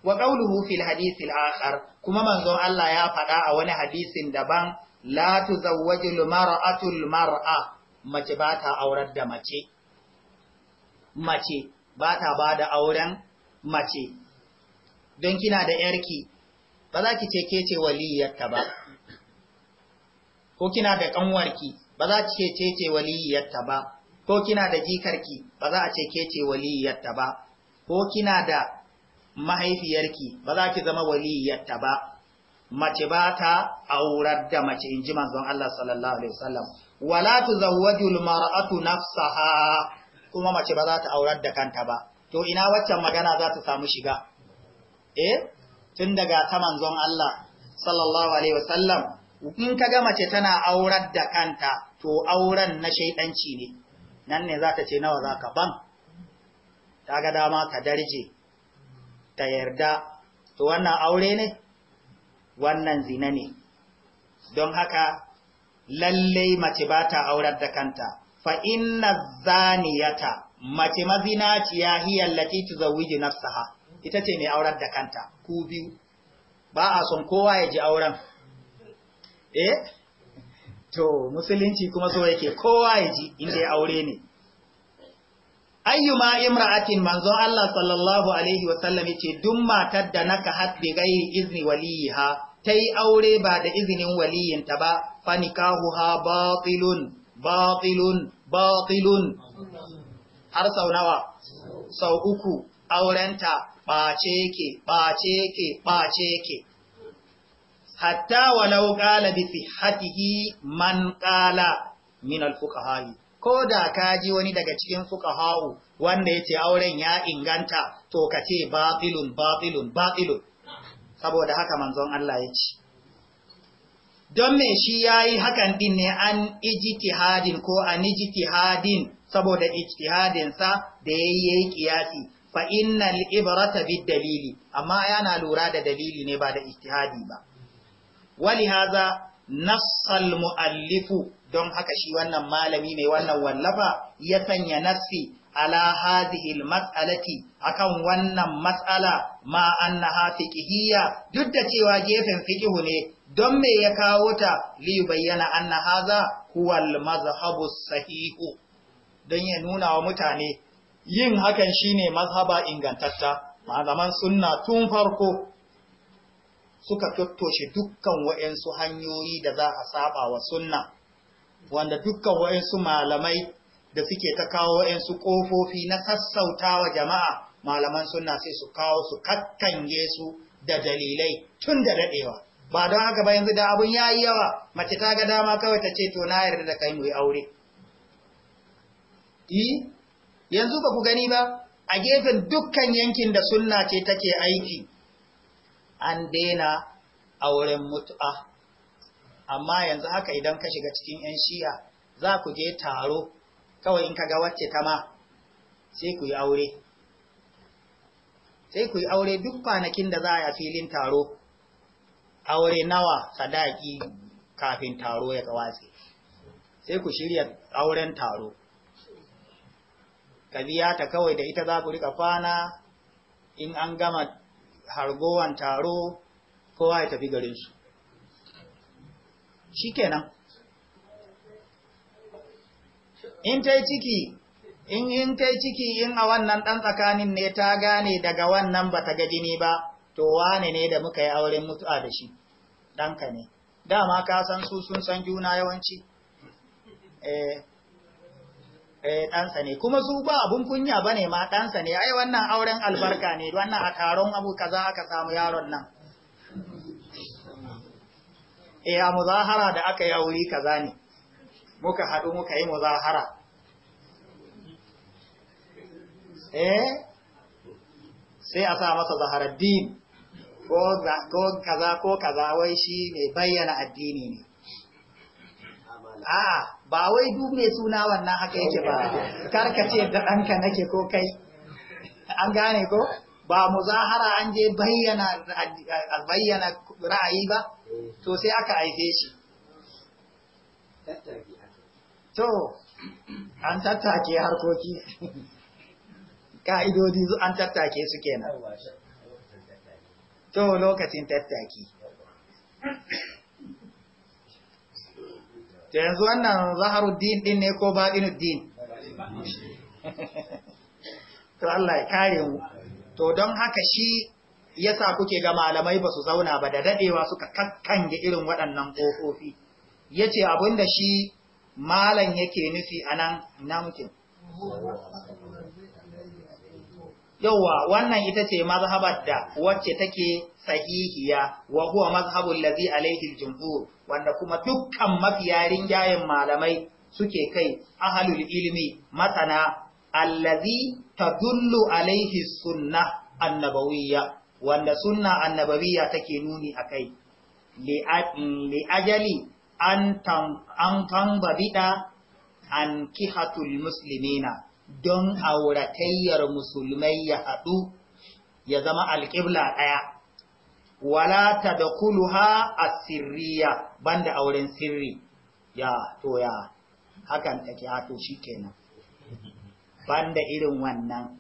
wa qawluhu fil hadisi al-akhar kuma manzon Allah ya faɗa a wani hadisin daban la tuzawwaju mar'atu mara mace ba ta aurar da mace mace ba ta bada auren mace don kina da yarki ba za ki ce ke ce waliyyarta ba ko kina da ƙanwarki, ba za ki ce ce waliyyarta ba ko kina da jikarki ba za a ce ke ce waliyyarta ba ko kina da mahaifiyarki ba za ki zama waliyyarta ba mace ba ta aurar da mace in ji manzon Allah sallallahu alaihi wasallam wala tuzawwajul mar'atu nafsaha kuma mace ba za ta aurar da kanta ba to ina waccan magana za ta samu shiga eh tun daga ta manzon Allah sallallahu alaihi wasallam in kaga mace tana aurar da kanta to auren na shaidanci ne nan ne za ta ce nawa za ka ban ta ga dama ka darje ta yarda to wannan aure ne wannan zina ne don haka lallai mace ba ta aurar da kanta fa inna zaniyata mace ci. mazinaciya hiya allati tuzawwiju nafsaha ita ce mai aurar da kanta ku biyu ba a son kowa ya ji auren eh to musulunci kuma so yake kowa ya ji inda ya aure ne ayyuma imra'atin manzon Allah sallallahu alaihi wasallam yace duk matar da naka haɗe gairi izni waliha tayi aure ba da izinin waliyinta ba fani kahu ha batilun batilun batilun har sau nawa sau uku aurenta ɓace yake ɓace yake ɓace yake hatta walau qala bi sihhatihi man qala min al-fuqaha ko da ka ji wani daga cikin fuqaha'u wanda yace auren ya inganta to ka ce batilun batilun batilun saboda haka manzon Allah ya ce don me shi yayi hakan din ne an ijtihadin ko an ijtihadin saboda ijtihadin sa da yayi kiyasi fa innal ibrata bid dalili amma yana lura da dalili ne ba da ijtihadi ba wali haza nassal mu'allifu don haka shi wannan malami mai wannan wallafa ya sanya nassi ala hadhihi almas'alati akan wannan mas'ala ma annaha fiqhiyya duk da cewa gefen fiqhu ne don me ya kawo ta li bayyana anna hadha huwa almazhabu sahihu don ya nuna wa mutane yin hakan shine mazhaba ingantatta malaman sunna tun farko suka tottoshe dukkan wa'yansu hanyoyi da za a saba wa sunna wanda dukkan wa'yansu malamai da suke ta kawo wa'yansu ƙofofi na sassauta wa jama'a malaman sunna sai su kawo su kakkanye su da dalilai tun da daɗewa ba don haka ba yanzu da abun ya yi yawa mace ta ga dama kawai ta ce to na yarda da kai mu yi aure yanzu ba ku gani ba a gefen dukkan yankin da sunna ce take aiki an daina auren mutu'a amma yanzu haka idan ka shiga cikin 'yan shi'a za ku je taro kawai in ka ga wacce ta ma sai ku yi aure sai ku yi aure duk kwanakin da za a filin taro aure nawa sadaki kafin taro ya kawace sai ku shirya auren taro ka biya ta kawai da ita za ku rika kwana in an gama hargowan taro kowa ya tafi garinsu shi kenan in ta ciki in in ta ciki in a wannan ɗan tsakanin ne ta gane daga wannan ba ta jini ba to wane ne da muka yi auren mutu'a da shi ɗanka ne dama ka san su sun san juna yawanci eh Eh, ɗansa ne kuma su ba abun kunya ba ne ma ɗansa ne ai wannan auren albarka ne wannan a taron abu kaza aka samu yaron nan e a muzahara da aka yi aure kaza ne muka haɗu muka yi muzahara eh sai a sa masa zaharar din ko kaza ko kaza wai shi mai bayyana addini ne a ba wai duk mai suna wannan haka yake ba karkace da ɗanka nake ko kai an gane ko ba muzahara an je bayyana bayyana ra'ayi ba to sai aka aike shi to an tattake harkoki ka'idodi an tattake su kenan to lokacin tattaki to yanzu wannan zaharuddin din ne ko baɗinuddin to Allah ya kare mu to don haka shi yasa kuke ga malamai ba su zauna ba da dadewa suka kakkange irin waɗannan ƙofofi yace abinda shi malam yake nufi anan namkin yauwa wannan ita ce mazhabar da wacce take sahihiya wa huwa mazhabul ladhi alayhi al-jumhur wanda kuma dukkan mafiya rinjayen malamai suke kai ahlul ilmi masana allazi tadullu alayhi sunnah annabawiyya wanda sunna annabawiyya take nuni akai li ajali an tam an tambabida an kihatul muslimina don auratayyar musulmai ya haɗu ya zama alƙibla ɗaya wala ta da kuluha a sirriya banda auren sirri ya to ya hakan take hato shi kenan banda irin wannan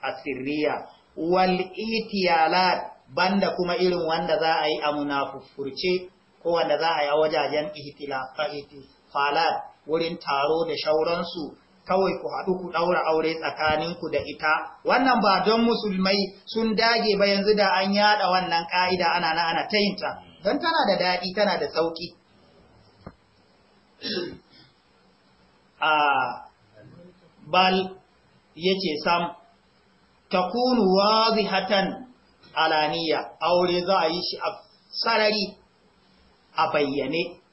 asiriya wal itiyalat banda kuma irin wanda za a yi a munafufurce ko wanda za a yi a wajajen ihtilafalat wurin taro da shauransu kawai ku haɗu ku ɗaura aure tsakaninku da ita wannan ba don musulmai sun dage ba yanzu da an yaɗa wannan ƙa'ida ana na ana tayinta don tana da daɗi tana da sauƙi a bal ce sam ta zai hatan alaniya aure za a yi shi a sarari a bayyane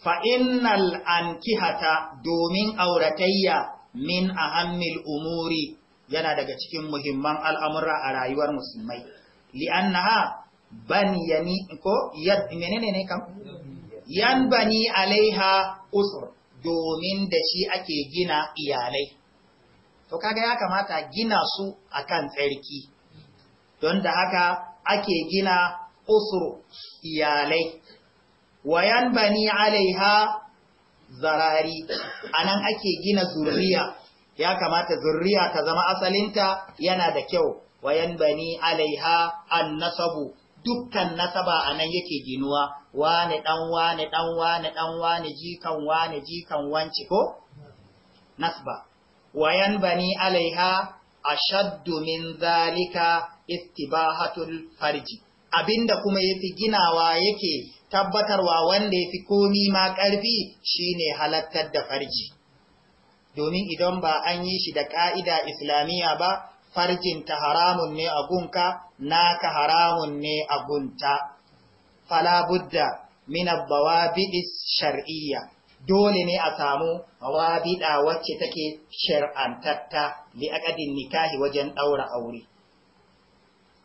fa'innal an kihata domin auratayya min ahammil umuri yana daga cikin muhimman al'amura a rayuwar musulmai. Li'annaha ban yani ko menene ne kam? Yan bani alaiha usur domin da shi ake gina iyalai. to kaga ya kamata gina su akan tsarki don da haka ake gina usur iyalai wayan bani alaiha zarari anan ake gina zurriya ya kamata zurriya ta zama asalinta yana da kyau wayan bani alaiha annasabu dukkan nasaba anan yake ginuwa wane dan wane dan wane dan wane jikan wane jikan wanci ko nasba wayan bani alaiha ashaddu min zalika istibahatul farji abinda kuma yafi ginawa yake tabbatarwa wanda ya fi komi ma ƙarfi shi ne halattar da farji domin idan ba an yi shi da ƙa'ida islamiyya ba farjin ta haramun ne a gunka naka haramun ne a gunta fala budda min biɗis shar'iyya dole ne a samu wabida wacce take shar'antatta li nikahi wajen ɗaura aure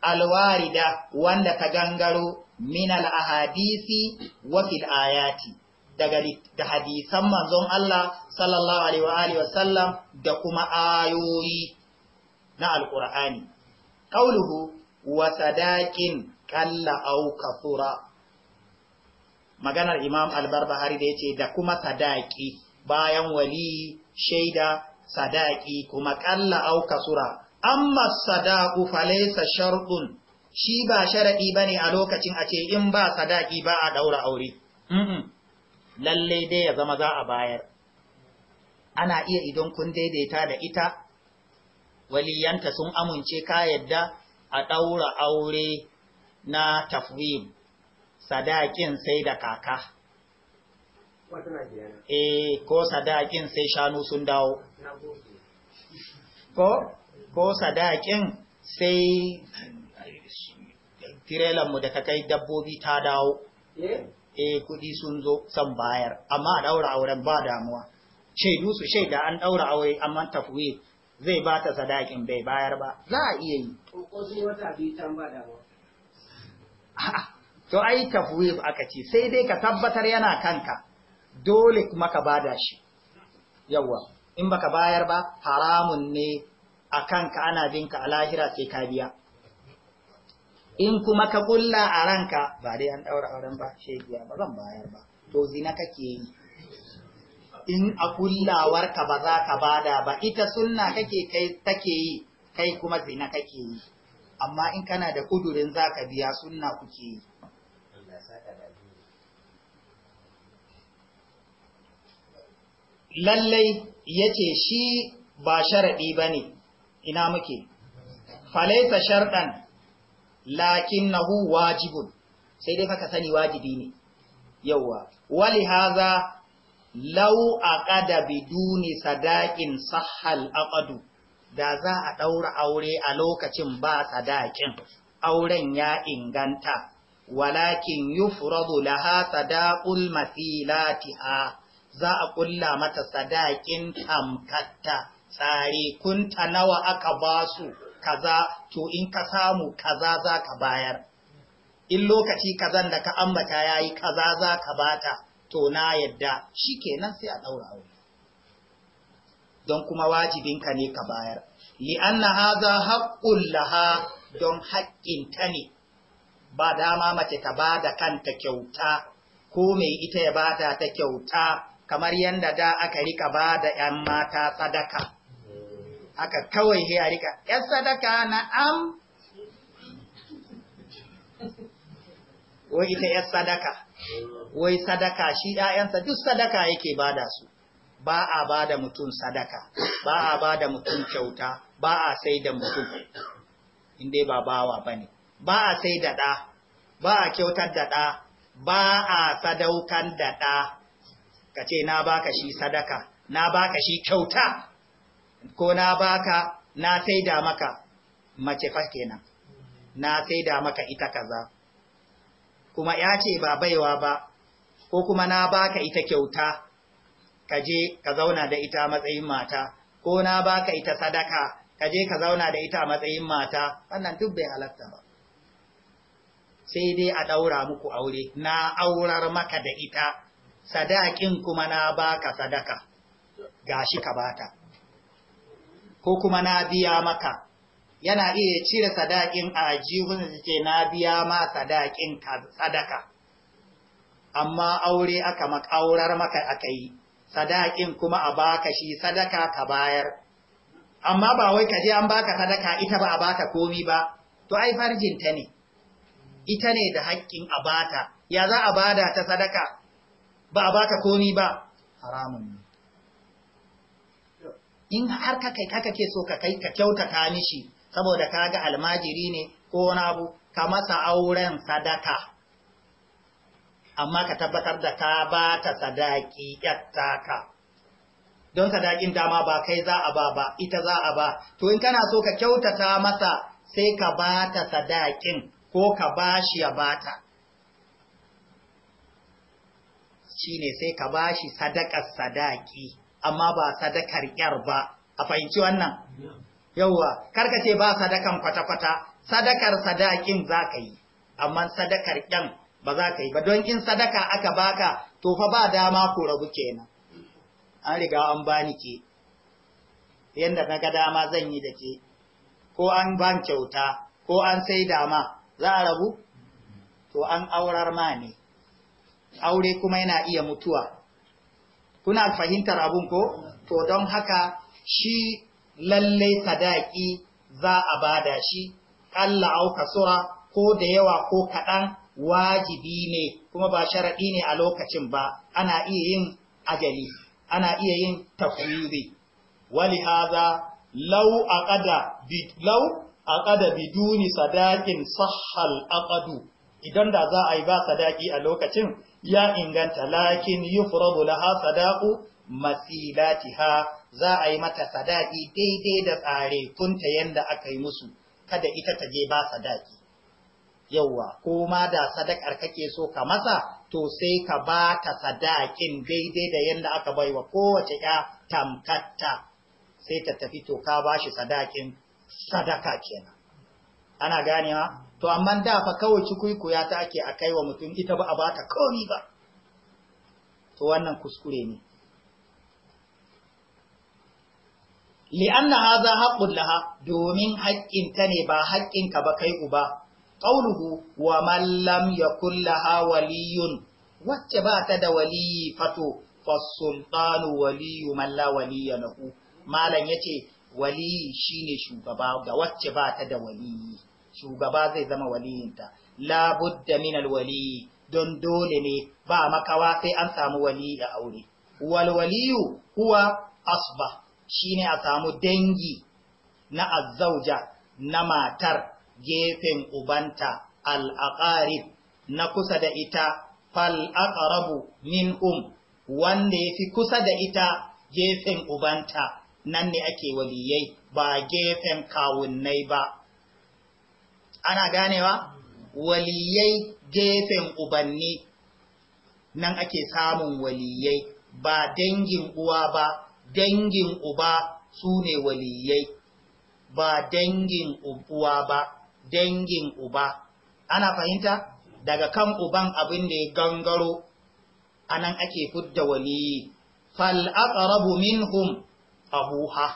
alwarida wanda ta gangaro min al-ahadisi wa fil ayati daga da hadisan manzon Allah sallallahu alaihi wa alihi da kuma ayoyi na alqur'ani qauluhu wa sadaqin qalla au kafura maganar imam al-barbahari da yace da kuma sadaqi bayan wali shaida sadaqi kuma qalla au kasura amma sadaku falaisa shartun shi ba sharaɗi bane a lokacin a ce in ba sadaki ba a ɗaura aure lallai dai ya zama za a bayar ana iya idan kun daidaita da ita waliyanta sun amince ka yadda a ɗaura aure na tafwim sadakin sai da kaka eh ko sadakin sai shanu sun dawo ko ko sadakin sai mu da ka kai dabbobi ta dawo eh, eh kudi sun zo san bayar amma a daura auren ba damuwa shaidu su shaida an daura aure amma tafwi zai ba ta sadakin bai bayar ba za a iya yi ko sai wata bi tan ba damuwa to ai tafwi aka ce sai dai ka tabbatar yana kanka dole kuma ka bada shi yawa in baka bayar ba haramun ne a kanka ana binka a lahira sai ka biya in kuma ka kulla a ranka ba dai an daura auren ba biya ba zan bayar ba to zina kake yi in a kullawarka ba za ka bada ba ita sunna kake kai take yi kai kuma zina kake yi amma in kana da kudurin za ka biya sunna kuke yi lallai ya ce shi ba sharaɗi ba ne ina muke falaisa sharɗan lakinnahu wajibun sai dai faka sani wajibi ne yawwa wali haza law aqada biduni sadaqin sahhal aqadu da za a daura aure a lokacin ba sadaqin auren ya inganta walakin yufradu laha sadaqul masilatiha za a kulla mata sadaqin tamkatta tsare kunta nawa aka ba su kaza to in ka samu kaza za ka bayar in lokaci kazan da ka ambata ya yi kaza za ka bata to na yadda shi kenan sai a ɗaura aure don kuma wajibinka ne ka bayar li'anna haza haƙƙun laha don haƙƙinta ne ba dama mace ta ba da kanta kyauta ko mai ita ya bata ta kyauta kamar yadda da aka rika ba da ‘yan mata sadaka. aka kawai ya rika 'Yan sadaka na am wai ita 'yan sadaka wai sadaka shi ‘ya'yansa duk sadaka yake bada su ba a bada mutum sadaka ba a bada mutum kyauta ba a sai da mutum inda ba bawa ba ne ba a sai da ɗa ba a kyautar da ɗa ba a sadaukan da ɗa ka ce na baka shi sadaka na baka shi kyauta ko na baka na saida maka mace fa kenan na saida maka ita kaza kuma ya ce ba baiwa ba ko kuma na baka ita kyauta ka je ka zauna da ita matsayin mata ko na baka ita sadaka ka je ka zauna da ita matsayin mata wannan duk bai halatta ba sai dai a daura muku aure na aurar maka da ita sadakin kuma na baka sadaka gashi ka bata ko kuma na biya maka yana iya cire sadakin a jihun su ce na biya ma sadakin sadaka amma aure aka makaurar maka aka yi sadakin kuma a baka shi sadaka ka bayar amma ba wai kaje an baka sadaka ita ba a baka komi ba to ai farjinta ne ita ne da haƙƙin a bata ya za a bada ta sadaka ba a baka komi ba haramun ne in har ka kai so ka kai ka kyautata mishi saboda ka ga almajiri ne ko wani abu ka masa auren sadaka amma ka tabbatar da ka ba ta sadaki yattaka don sadakin dama ba kai za a ba ba ita za a ba to in kana so ka kyautata masa sai ka ba ta sadakin ko ka ba shi ya ba ta shi ne sai ka ba shi sadakar sadaki amma ba sadakar ƴar ba a fahimci wannan yauwa karka ce ba sadakan kwata-kwata sadakar sadakin za ka yi amma sadakar ƴan ba za ka yi ba don in sadaka aka baka to fa ba dama ku rabu kenan an riga an bani ke yadda na ga dama zan yi da ke ko an ban kyauta ko an sai dama za a rabu to an aurar ma ne aure kuma yana iya mutuwa kuna fahimtar abun ko to don haka shi lallai sadaki za a bada shi ƙalla au kasura ko da yawa ko kaɗan wajibi ne kuma ba sharaɗi ne a lokacin ba ana iya yin ajali ana iya yin tafwizi wali haza law aqada bi law aqada biduni sadaqin sahhal aqadu idan da za a yi ba sadaki a lokacin ya inganta lakin yufradu laha sadaqu masilatiha za a yi mata sadaki daidai da tsare tun ta yadda aka yi musu kada ita ta je ba sadaki yauwa ko ma da sadakar kake so ka masa to sai ka ba ta sadakin daidai da yanda aka wa kowace ya tamkata. sai ta tafi to ka ba shi sadakin sadaka kenan ana ganewa to amma da fa kawai cikuikuya ta ake a kai wa mutum ita ba a ba ta komi ba to wannan kuskure ne li'anna hadha haqqul laha domin haƙƙin ta ne ba haƙƙin ka ba kai uba qauluhu wa man lam yakul laha waliyun wacce ba ta da waliyi fato fasultanu waliyu man la waliya lahu malam yace waliyi shine shugaba ga wacce ba ta da waliyi shugaba zai zama waliyinta la budda min alwali don dole ne ba makawa sai an samu wali a aure wal waliyu huwa asba shine a samu dangi na azzauja na matar gefen ubanta al-aqarib na kusa da ita fal aqrabu minhum wanda yafi kusa da ita gefen ubanta nan ne ake waliyai ba gefen kawunnai ba ana ganewa waliyai gefen ubanni nan ake samun waliyai ba dangin uwa ba dangin uba su ne waliyai ba dangin uwa ba dangin uba ana fahimta daga kan uban abin da ya gangaro anan ake fudda waliyi fal minhum abuha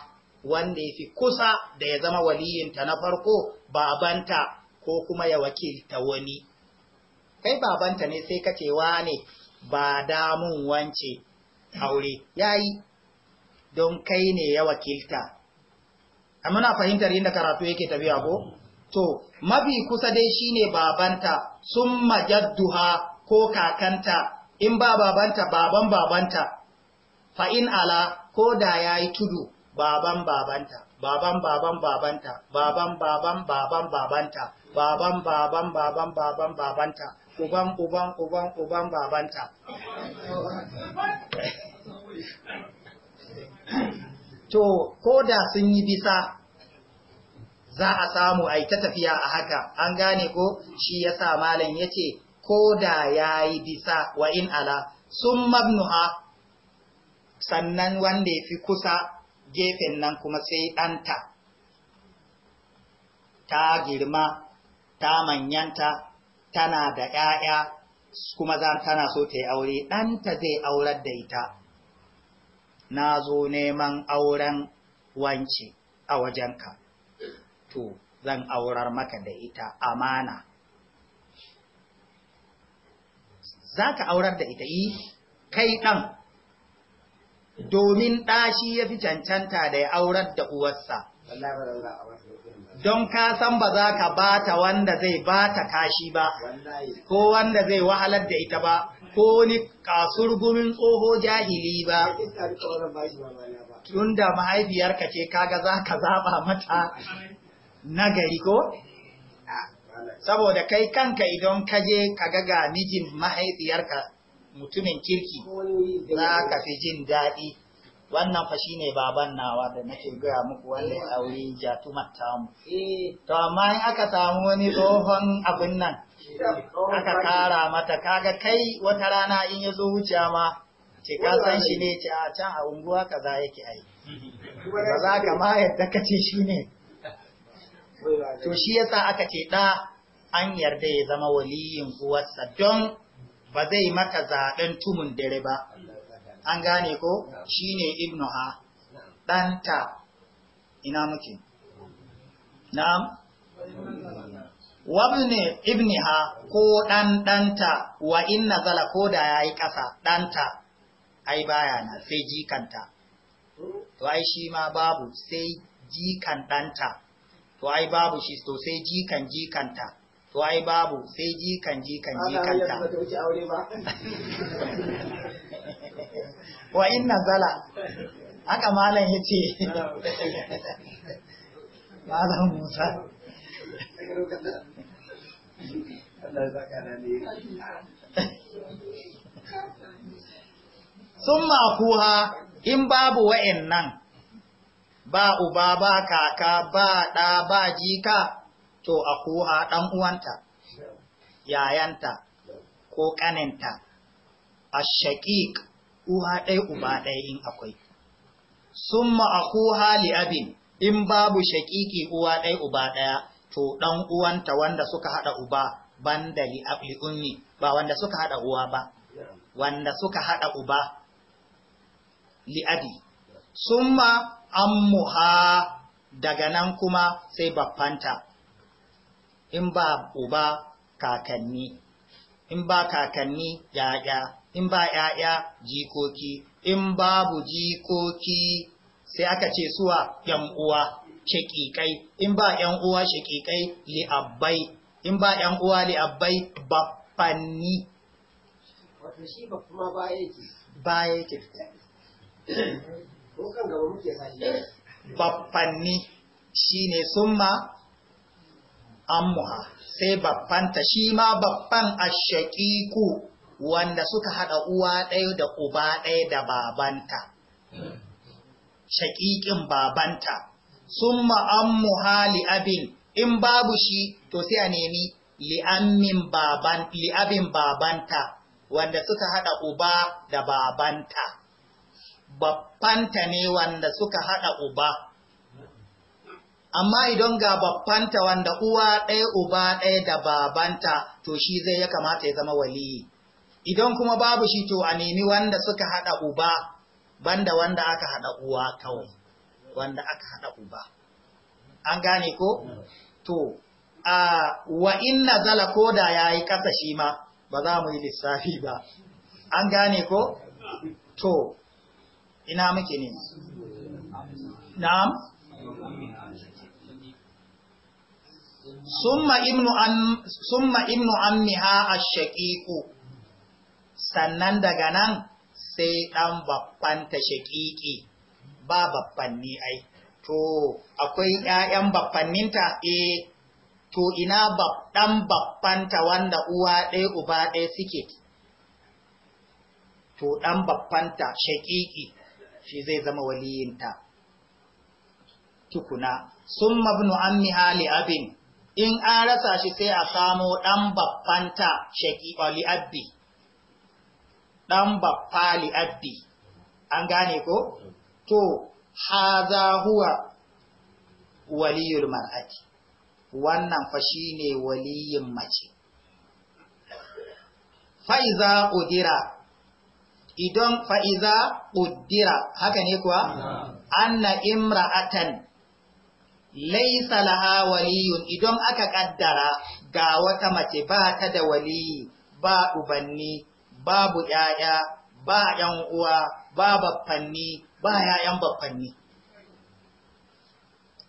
wanda yafi kusa da ya zama waliyinta na farko babanta ko kuma ya wakilta wani kai babanta ne sai ka ce wane ba damun wance aure Ya yi don kai ne ya wakilta amma na fahimtar yadda karatu yake tafiya ko to mafi kusa dai shine babanta sun majadduha ko kakanta in ba babanta baban babanta fa ala ko da ya yi tudu baban babanta baban baban babanta baban baban baban babanta baban baban baban baban babanta uban uban uban uban babanta to ko da sun yi bisa za a samu a ta tafiya a haka an gane ko shi ya sa malam ya ce ko da ya yi bisa wa in ala sun mabnuha sannan wanda ya fi kusa gefen nan kuma sai ɗanta ta girma ta manyanta tana da ‘ya'ya kuma za tana so ta yi aure ɗanta zai aurar da ita na zo neman auren wance a wajenka to zan aurar maka da ita amana za ka aurar da ita yi eh, kai ɗan domin ɗashi ya fi cancanta da ya aurar da uwarsa. Allah ba don ka san ba za ka ba ta wanda zai ba ta kashi ba ko wanda zai wahalar da ita ba ko ni gumin tsoho jahili ba Tun tunda mahaifiyarka ce kaga za ka zaba mata na gari ko saboda kai kanka idan ka je ka ga mijin mahaifiyarka mutumin kirki za ka fi jin daɗi wannan fa shine baban nawa da nake gaya muku wanda ya aure jatumar tamu eh. to amma in aka samu wani tsohon abin nan aka kara mata kaga kai wata rana in ya zo wuce ma ce ka san shi ne ce a can a unguwa kaza yake ai ba za ka ma yadda ka ce shi ne to shi yasa aka ce da an yarda ya zama waliyin uwarsa don ba zai maka zaben tumun dare ba an gane ko shine ibnu ha ɗanta ina muke na'am wabne ibni ha ko ɗan ɗanta wa inna zala ko da ya yi ƙasa ɗanta ai baya na sai jikanta to ai shi ma babu sai jikan ɗanta to ai babu shi to sai jikan jikanta to ai babu sai jikan jikan jikanta wa in nazala haka malam ya ce malam musa sun makuha in babu wa'in nan ba uba ba kaka ba ɗa ba jika to a kuwa ɗan uwanta yayanta ko ƙaninta a shaƙiƙ uwa ɗaya uba ɗaya in akwai summa akuha li abin in babu shaƙiƙi uwa ɗaya uba ɗaya to ɗan uwanta wanda suka haɗa uba ban li abli ba wanda suka haɗa uwa ba wanda suka haɗa uba li abi summa ammuha daga nan kuma sai baffanta in ba uba kakanni in ba kakanni yaya in ba ‘ya'ya jikoki, in babu jikoki sai aka ce suwa ‘yan uwa shaƙiƙai, in ba ‘yan uwa shaƙiƙai li'abbai, in ba ‘yan uwa li'abbai baffanni. Wato shi ba kuma baya yake. Ba yake. Ko kan gaba muke sashi. Baffanni shi ne summa amma sai baffanta shi ma baffan ashaƙiƙu. wanda suka haɗa uwa ɗaya da uba ɗaya da babanta, shaƙiƙin babanta, sun ma'ammu hali abin in babu shi to sai a nemi li'abin babanta wanda suka haɗa uba da babanta, babanta ne wanda suka haɗa uba. amma idan ga babbanta wanda uwa ɗaya uba ɗaya da babanta to shi zai ya kamata ya zama waliyi idan kuma babu shi to a nemi wanda suka haɗa uba banda wanda aka haɗa uwa kawai wanda aka haɗa uba an gane ko to a wa inna zala koda yayi ƙasa shi ma ba za mu yi lissafi ba an gane ko to ina muke ne na'am summa ibnu an summa ibnu ammiha ash-shaqiqu sannan daga nan sai ɗan ta shaƙiƙi ba babbanni ai to akwai ‘ya'yan babbanninta Eh. to ina ɗan babbanta wanda uwa ɗaya uba ɗaya suke to ɗan babbanta shaƙiƙi shi zai zama waliyinta tukuna sun mabnu an mihali abin in an rasa shi sai a samo ɗan babbanta shaƙiƙa li abbi ɗan baffa li'abdi an gane ko to haza huwa waliyul mar'ati wannan fa shine waliyin mace fa'iza udira idan iza haka ne kuwa anna imra'atan laisa laha waliyun idan aka ƙaddara ga wata mace ba ta da waliyi ba ubanni babu ‘ya'ya, ba ‘yan uwa, ba bafanni, ba ‘ya'yan baffanni.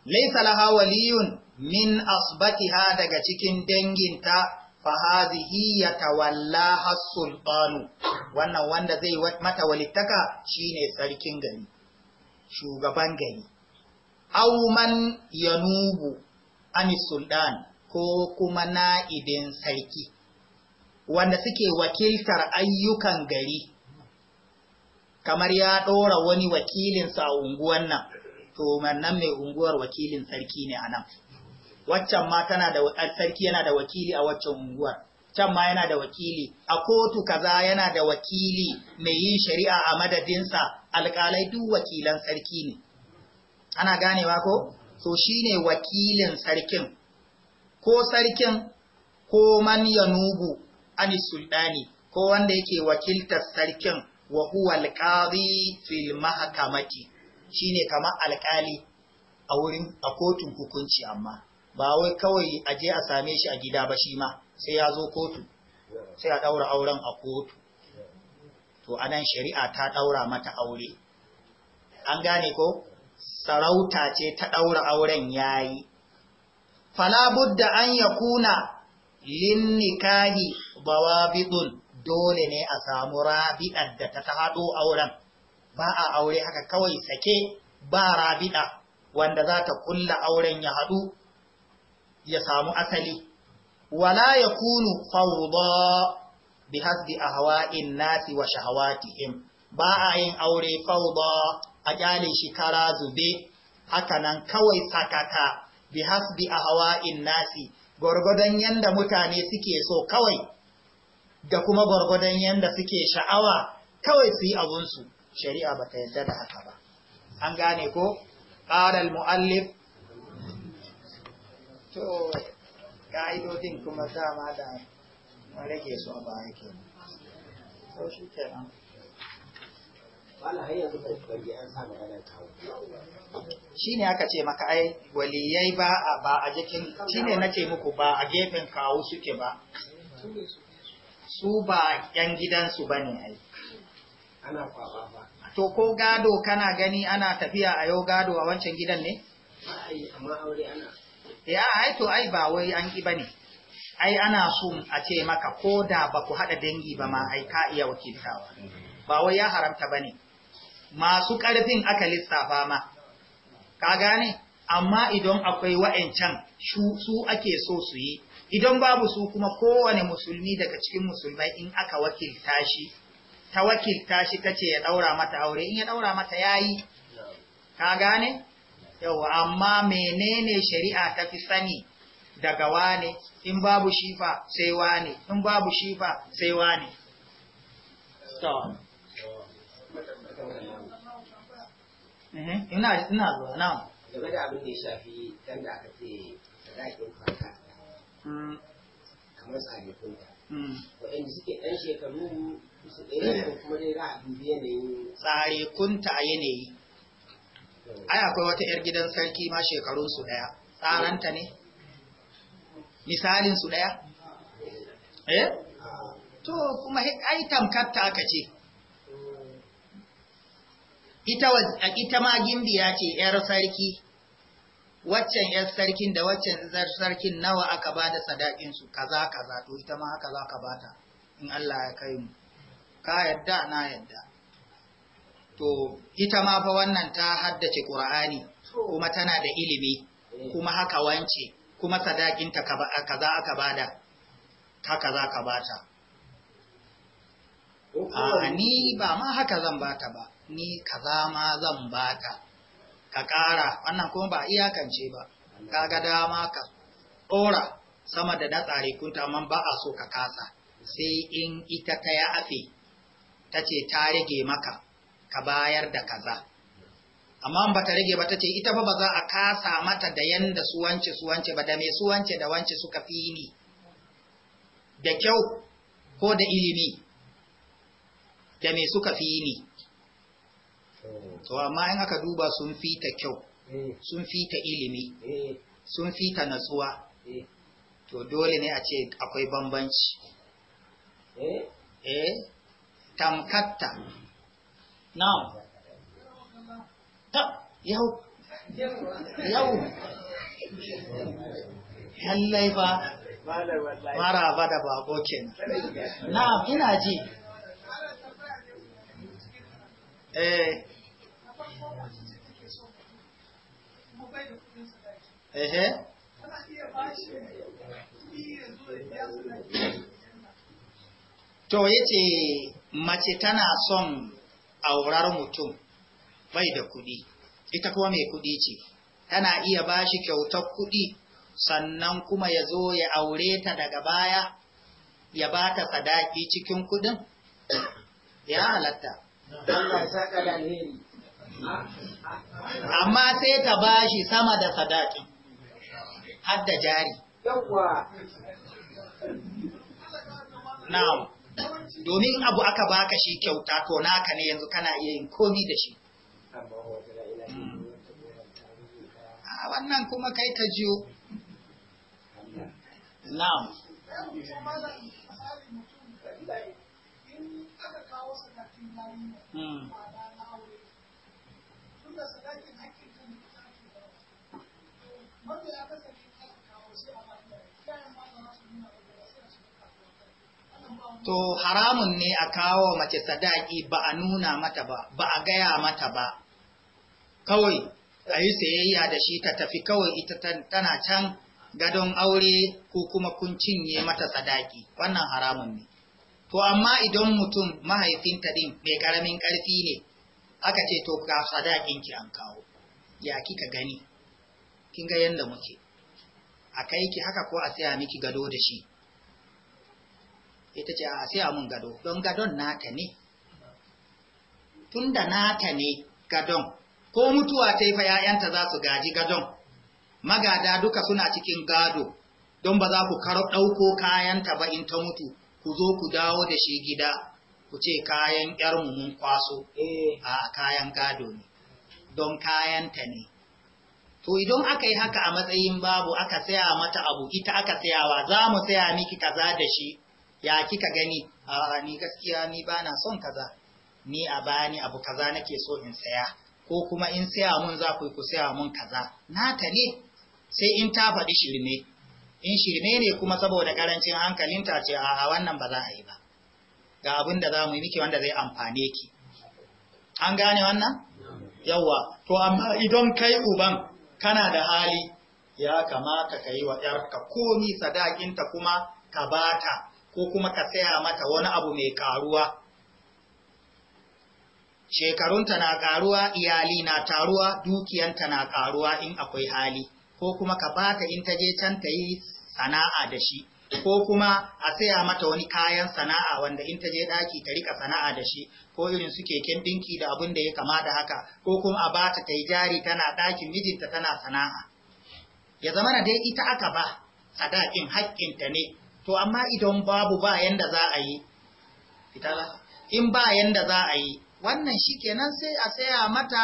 Laisa laha waliyun min asbatiha daga cikin danginta fahazihi ya tawalla hassultanu, wannan wanda zai mata walittaka shine sarkin gari, shugaban gari. Auman yanubu ani sultan ko kuma na'idin sarki. wanda suke wakiltar ayyukan gari kamar ya ɗora wani wakilinsa a unguwan nan to nan mai unguwar wakilin sarki ne a nan waccan ma tana da sarki yana da wakili a waccan unguwar can ma yana da wakili a kotu kaza yana da wakili mai yin shari'a a madadinsa alƙalai duk wakilan sarki ne ana ganewa ko to shine wakilin sarkin ko sarkin ko man yanubu ani sultani ko wanda yake wakiltar sarkin wa huwa alqadi fil mahkamati shine kamar alkali a wurin a kotun hukunci amma ba wai kawai a je a same shi a gida ba shi ma sai ya zo kotu sai a daura auren a kotu to anan shari'a ta daura mata aure an gane ko sarauta ce ta daura auren yayi fala budda an yakuna lin nikahi dawabidun dole ne a samu rabi'a da ta haɗo auren ba a aure haka kawai sake ba rabi'a, wanda za ta kulla auren ya haɗu ya samu asali wala ya kunu fawda bi hasbi ahwa'in nasi wa shahawatihim ba a yin aure fawda a kyale shi kara zube haka nan kawai sakaka bi hasbi ahwa'in nasi gwargwadon yanda mutane suke so kawai da kuma gwargwadon yanda suke sha'awa kawai su yi abunsu shari'a ba ta yadda da haka ba an gane ko ƙarar mu'allif to ƙa'idodin kuma dama da rage su a baya ke so shi ke nan shi ne aka ce maka ai waliyai ba a jikin shi ne na ce muku ba a gefen kawo suke ba su ba ƴan gidansu ba ne ai ana ba to ko gado kana gani ana tafiya a yau gado a wancan gidan ne amma aure ana ya eh, ai to ai ba wai an ki bane ai ana so a ce maka ko da ba ku haɗa dangi ba ma ai ka iya wakiltawa ba wai ya haramta ba ne masu ƙarfin aka lissafa ma ka gane amma idan akwai wa'ancan su ake so su yi idan babu su kuma kowane musulmi daga cikin musulmai in aka wakilta shi ta wakilta shi ta ya daura mata aure in ya daura mata ya yi ka gane yau amma menene shari'a ta fi sani daga wane in babu shifa sai wane in babu shifa sai wane ina zuwa na da abin da ya shafi kan da aka ce da zaƙin kamar tsarifin ta kuma a dubi yanayin ai akwai wata 'yar gidan sarki ma shekarun su ɗaya tsaranta ne misalin su ɗaya eh to kuma ai tamkar ta aka ce ita ma gimbiya ce 'yar sarki waccan yar sarkin da waccan zar sarkin nawa aka ba da sadakinsu kaza kaza to ita ma haka za ka ba ta, in Allah ya kai mu ka yadda na yadda to ita ma fa wannan ta haddace Qur'ani kuma tana da ilimi kuma haka wance kuma sadakinta kaza aka da, haka za ka ta. a ni ba ma haka zan ba ta ba ni kaza ma zan ba ta. ka ƙara wannan kuma ba iyakance ba ka ga dama ka ɗora sama da na kun ta man ba a so ka kasa sai in ita ta ya afe ta ce ta rage maka ka bayar da kaza amma ba ta rage ba ta ce ita ba za a kasa mata da yanda su wance su wance ba da me su da wance suka fi ni da kyau ko da ilimi da me suka fi ni to amma in aka duba sun fita kyau eh. sun fita ilimi eh. sun fita natsuwa eh. to dole ne a ce akwai bambanci eh tamkatta now ta yau yau lallai ba mara ba da babo Na ina ji eh To to yace mace tana son aurar mutum bai da kuɗi ita kuma mai kuɗi ce tana iya bashi kyautar kuɗi sannan kuma ya zo ya aure ta daga baya ya ba ta sadaki cikin kuɗin ya halatta Don saka da amma sai ta bashi sama da sadaki har da jari na'am domin abu aka baka shi kyauta to naka ne yanzu kana iya yin komi da shi hmm. a wannan kuma kai ka jiyo na'am Hmm. to haramun ne a kawo mace sadaki ba a nuna mata ba ba a gaya mata ba kawai a yi sayayya da shi ta tafi kawai ita tana can gadon aure ko kuma kun cinye mata sadaki wannan haramun ne to amma idan mutum mahaifinta din mai karamin karfi ne aka ce to ka sadakin ki an kawo ya kika gani kin ga yanda muke a kai ki haka ko a saya miki gado da shi ita ce a sai mun gado don gadon naka ne tunda nata ne gadon ko mutuwa ta yi fa ‘ya'yanta za su gaji gadon magada duka suna cikin gado don ba za ku karo ɗauko kayanta ba in ta mutu ku zo ku dawo da shi gida ku ce kayan ‘yarmu mun kwaso eh. a kayan gado ne don kayanta ne to idan aka yi haka a matsayin babu aka saya mata abu ita aka sayawa za mu saya miki kaza da shi ya kika gani a ni gaskiya ni ba na son kaza ni a bani abu kaza nake so in saya ko kuma in saya mun za ku ku saya mun kaza nata ne sai in ta faɗi shirme in shirme ne kuma saboda karancin hankalinta ce a wannan ba za a yi ba ga abin da za mu yi miki wanda zai amfane ki an gane wannan yawa to amma idan kai uban kana da hali ya kamata ka yi wa ‘yarka komi sadakinta kuma ka bata ko kuma ka saya mata wani abu mai karuwa shekarunta na karuwa iyali na taruwa dukiyanta na karuwa in akwai hali ko kuma ka bata in ta je can ta yi sana'a da shi ko kuma a saya mata wani kayan sana'a wanda in ta je ɗaki ta rika sana'a da shi ko irin su keken ɗinki da abin da ya kamata haka ko kuma a bata ta yi jari tana ɗakin mijinta tana sana'a ya zama na dai ita aka ba sadakin haƙƙinta ne to amma idan babu ba yanda za a yi in ba yanda za a yi wannan shi kenan sai a saya mata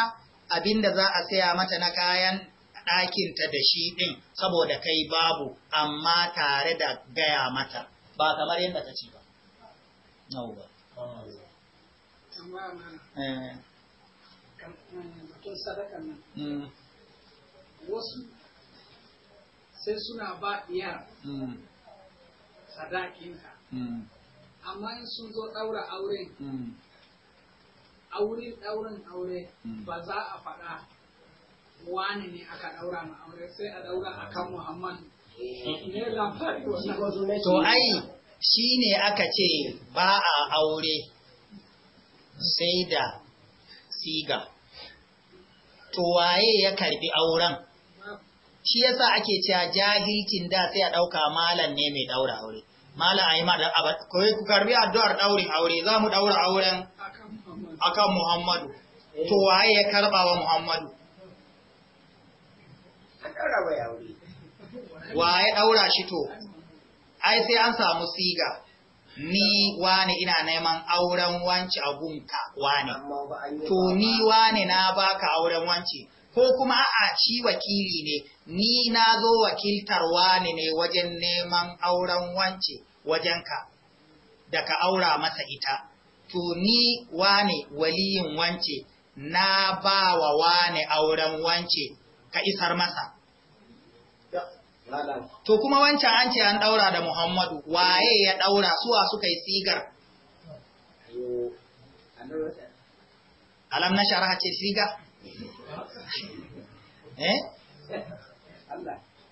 abinda za a saya mata na kayan ɗakinta da shi ɗin saboda kai babu amma tare da gaya mata ba kamar yadda ta ce ba. Nau ba. Eh. Hmm. Wasu sai suna ba diyar hmm. sadakinka hmm. amma in sun zo ɗaura auren hmm. auren ɗaurin aure hmm. ba za a faɗa wani ne aka ɗaura ma aure sai a ɗaura a kan muhammadu eh, eh, eh, ne to ai shi ne aka ce ba a aure sai da siga to waye ya karbi auren shi yasa ake cewa jahilcin da sai a ɗauka malam ne mai ɗaura aure Malam Aimar ko ku karbi addu'ar daurin aure za mu daura auren akan Muhammadu. To waye ya karba wa Muhammadu? Waye daura shi to? Ai sai an samu siga. Ni wane ina neman auren wanci a gunka wane. To ni wane na baka auren wanci ko kuma a shi wakili ne ni na zo wakiltar wani ne wajen neman auren wanci wajenka da ka aura masa ita, to ni wane waliyin wance na ba wa wane auren wance ka isar masa. To kuma wancan an ce an ɗaura da Muhammadu, waye ya ɗaura suwa suka yi sigar? Alam na shara ce siga? Eh?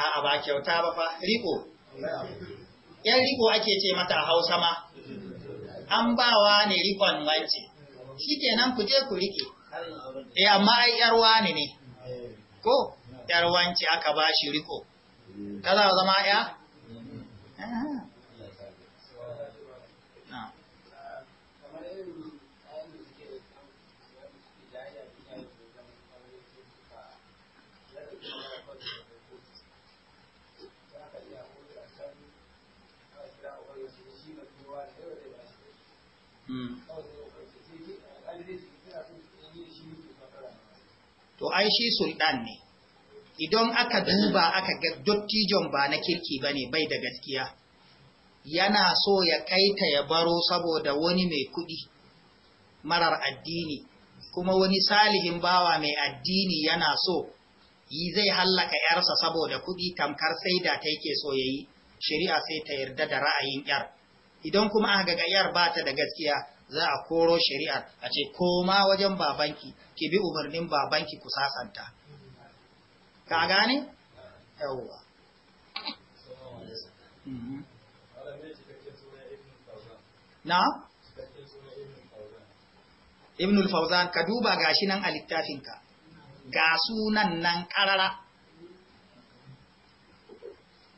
a'a ba kyauta ba fa riko yan riko ake ce mata hausa ma an bawa ne rikon wance shi kenan ku je ku rike eh amma ai yar wani ne ko yar wance aka ba shi riko kaza zama ya ai shi sultan ne idan aka duba aka ga dottijon ba na kirki bane bai da gaskiya yana so ya kaita ya baro saboda wani mai kudi marar addini kuma wani salihin bawa mai addini yana so yi zai hallaka yarsa saboda kudi tamkar sai da ta yake so yayi shari'a sai ta yarda da ra'ayin yar idan kuma aka ga yar ba ta da gaskiya za a koro shari'ar a ce koma wajen babanki ki bi umarnin babanki ku sasanta ka gane yawwa na ibnul fauzan ka duba gashi nan a littafinka ga sunan nan karara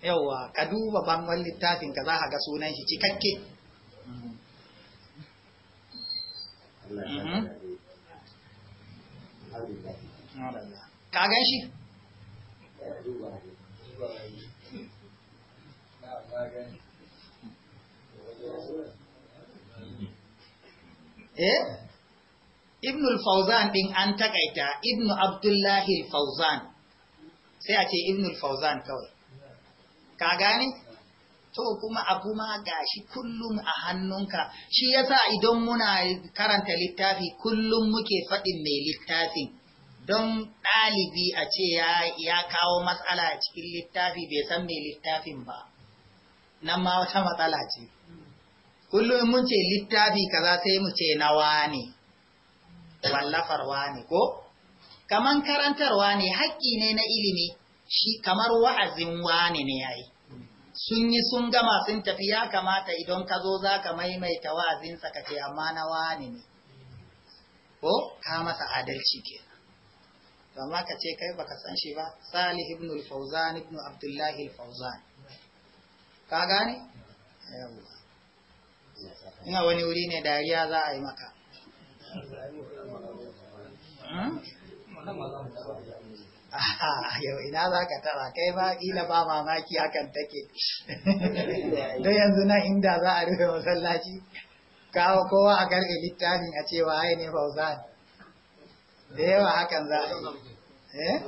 yawwa ka duba bangon littafinka za ka ga sunan shi cikakke ka gan shi eh ibn al-fawzan din an takaita ibn abdullahi al-fawzan sai a ce ibn al-fawzan kawai ka gani? to kuma abu ma gashi kullum a hannunka shi yasa idan muna karanta littafi kullum muke faɗin mai littafin don ɗalibi a ce ya kawo matsala a cikin littafi bai san mai littafin ba nan ma wata matsala ce kullum mun ce littafi kaza sai mu ce na wane wallafar wane ko kaman karantarwa ne haƙƙi ne na ilimi shi kamar wa'azin wane ne yayi sun yi sun gama sun tafi ya kamata idan ka zo za ka maimaita wa'azinsa ka ce amma na wani ne ko ka masa adalci ke. to amma ka ce kai baka san shi ba salih ibn al-fawzan ibn abdullah al-fawzan ka gane ina wani wuri ne dariya za a yi maka hmm? yau ina za ka tara kai ba ƙila ba mamaki hakan take don yanzu nan inda za a rufe masallaci kawo kowa a karɓe littafin a cewa ai ne da yawa hakan za a yi eh?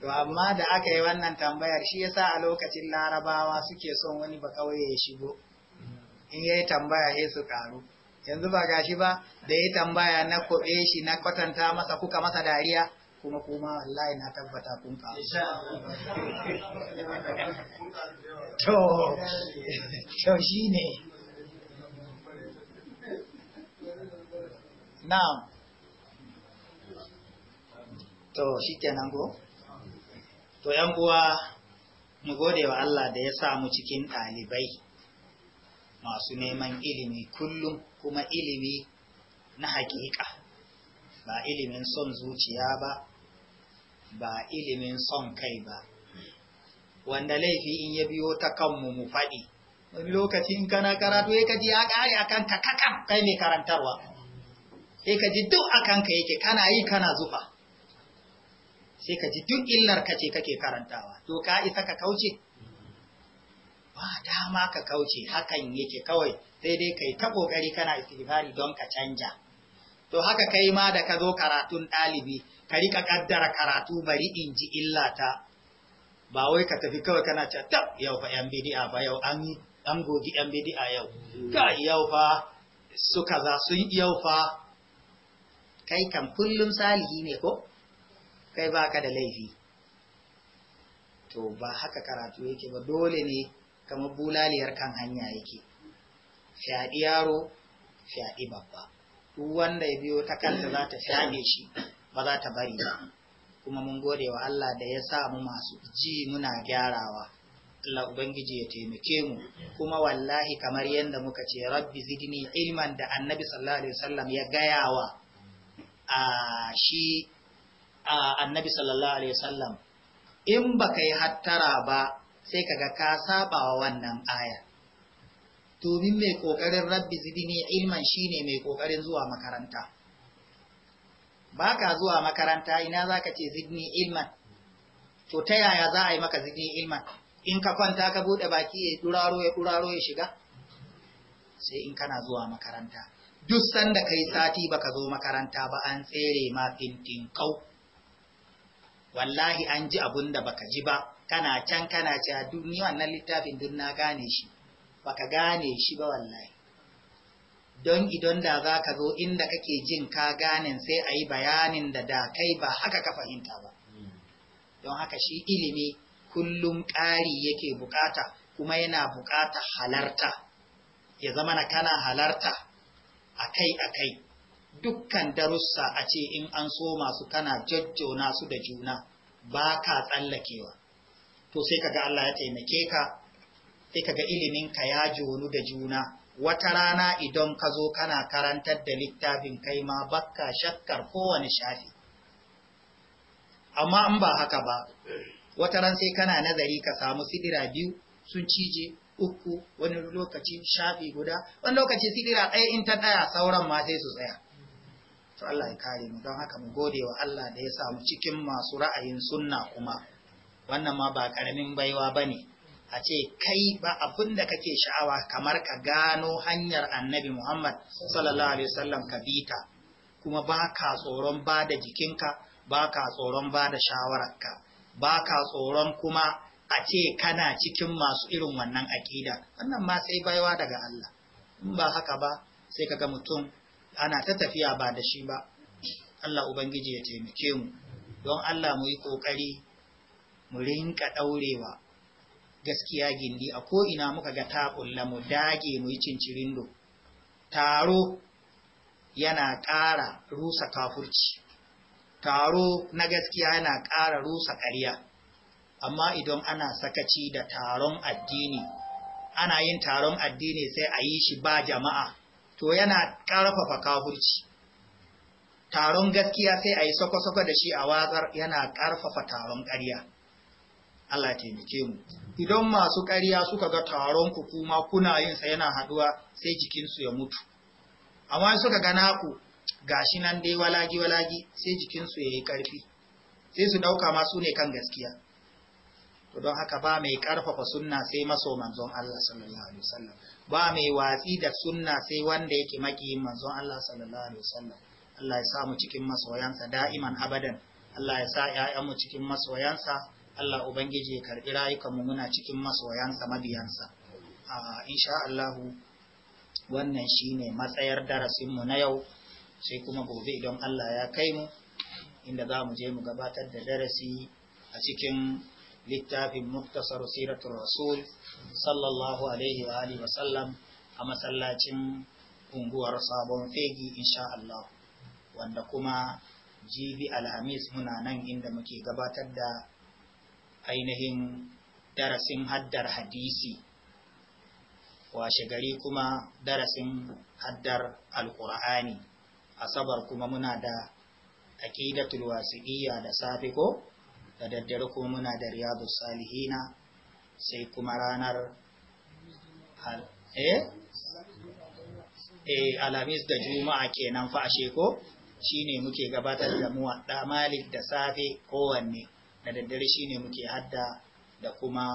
to amma da aka yi wannan tambayar shi yasa a lokacin larabawa suke son wani ba kawai ya shigo in yayi tambaya sai su karu yanzu ba gashi ba da ya tambaya na kobe shi na kwatanta masa kuka masa dariya kuma kuma wallahi na tabbata kun ka to to shine na'am to shikenan go to yan uwa mu gode wa Allah da ya sa mu cikin ɗalibai masu neman ilimi kullum kuma ilimi na hakika ba ilimin son zuciya ba ba ilimin son kai ba wanda laifi in ya biyo ta kanmu mu faɗi wani lokacin kana karatu ya kaji ya ƙari a kanka kakan kai mai karantarwa ya kaji duk a kanka yake kana yi kana zufa sai kaji duk illar ka ce kake karantawa to ka isa ka kauce ba dama ka kauce hakan yake kawai sai dai kai ta kokari kana istighfari don ka canja to haka kai ma da ka zo karatun ɗalibi ka rika kaddara karatu bari in ji illata ba wai ka tafi kawai kana ce ta yau fa yan bidi'a ba yau an an gogi yan bidi'a yau ka yau fa su kaza sun yau fa kai kan kullum salihi ne ko kai baka da laifi to ba haka karatu yake ba dole ne kamar bulaliyar kan hanya yake fyaɗi yaro fyaɗi babba duk wanda ya biyo ta kanta za ta fyaɗe shi ba za ta bari ba kuma mun gode wa Allah da ya sa mu masu ji muna gyarawa Allah ubangiji ya taimake mu kuma wallahi kamar yadda muka ce rabbi zidni ilman da annabi sallallahu alaihi wasallam ya gayawa a shi a annabi sallallahu alaihi wasallam in baka yi hattara ba sai kaga ka saba wa wannan aya domin mai kokarin rabbi zidni ilman shine mai kokarin zuwa makaranta ba ka zuwa makaranta ina za ka ce zidni ilman to ta yaya za a yi maka zidni ilman in ka kwanta ka buɗe baki ya ɗuraro ya ɗuraro ya shiga sai in kana zuwa makaranta duk sanda kai sati ba ka zo makaranta ba an tsere ma fintin kau wallahi an ji abun da baka ji ba kana can kana ci. A duniya wannan littafin duk na gane shi baka gane shi ba wallahi don idan da za ka zo inda kake jin ka ganin sai a yi bayanin da da kai ba haka ka fahimta ba don haka shi ilimi kullum ƙari yake bukata kuma yana bukata halarta ya zama na kana halarta akai-akai dukkan darussa a ce in an so masu kana jajjona su da juna ba ka tsallakewa to sai kaga Allah ya taimake ka sai kaga iliminka ya jonu da juna wata rana idan ka zo kana karantar da littafin kai ma bakka shakkar kowane shafi amma in ba haka ba wata ran sai kana nazari ka samu sidira biyu sun cije uku wani lokaci shafi guda wani lokaci sidira ɗaya in ta ɗaya sauran ma sai su tsaya to Allah ya kare mu don haka mu gode wa Allah da ya samu cikin masu ra'ayin sunna kuma wannan ma ba ƙaramin baiwa bane ne a ce kai ba abin da kake sha'awa kamar ka gano hanyar annabi Muhammad sallallahu alaihi wasallam ka bita kuma ba ka tsoron ba da jikinka ba ka tsoron ba da shawararka ba ka tsoron kuma a ce kana cikin masu irin wannan aƙida wannan ma sai baiwa daga Allah in ba haka ba sai kaga mutum ana ta tafiya ba da shi ba Allah ubangiji ya taimake mu don Allah mu yi ƙoƙari mu rinka ɗaurewa gaskiya gindi a ko'ina muka ga taƙulla mu dage mu yi cincirindo taro yana ƙara rusa kafurci taro na gaskiya yana ƙara rusa ƙarya amma idan ana sakaci da taron addini ana yin taron addini sai a yi shi ba jama'a to yana ƙarfafa kafurci taron gaskiya sai a yi sako soko da shi a watsar yana ƙarfafa taron ƙarya Allah ya taimake mu idan masu ƙarya suka ga taron ku kuma kuna yin sa yana haduwa sai jikinsu ya mutu amma suka ga naku gashi nan dai walagi walagi sai jikinsu ya yi ƙarfi sai su ɗauka ma su ne kan gaskiya to don haka ba mai ƙarfafa sunna sai maso manzon Allah sallallahu alaihi wasallam ba mai watsi da sunna sai wanda yake maki manzon Allah sallallahu alaihi wasallam Allah ya sa mu cikin masoyansa da'iman abadan Allah ya sa 'ya'yanmu cikin masoyansa Allah Ubangiji ya karɓi rayukanmu muna cikin masoyansa mabiyansa. Insha Allahu wannan shi ne matsayar darasinmu na yau sai kuma gobe idan Allah ya kai mu inda za mu je mu gabatar da darasi a cikin littafin muktasar siratul rasul sallallahu alaihi wa alihi wa sallam a masallacin unguwar sabon fegi insha Allah wanda kuma jibi alhamis muna nan inda muke gabatar da ainihin darasin haddar hadisi washe gari kuma darasin haddar alkur'ani asabar kuma muna da aqidatul wasiqiyya da safe ko da daddare kuma muna da riyadus salihina sai kuma ranar eh eh alamis da juma'a kenan fa ashe ko shine muke gabatar da da malik da safe kowanne da daddare shine muke hadda da kuma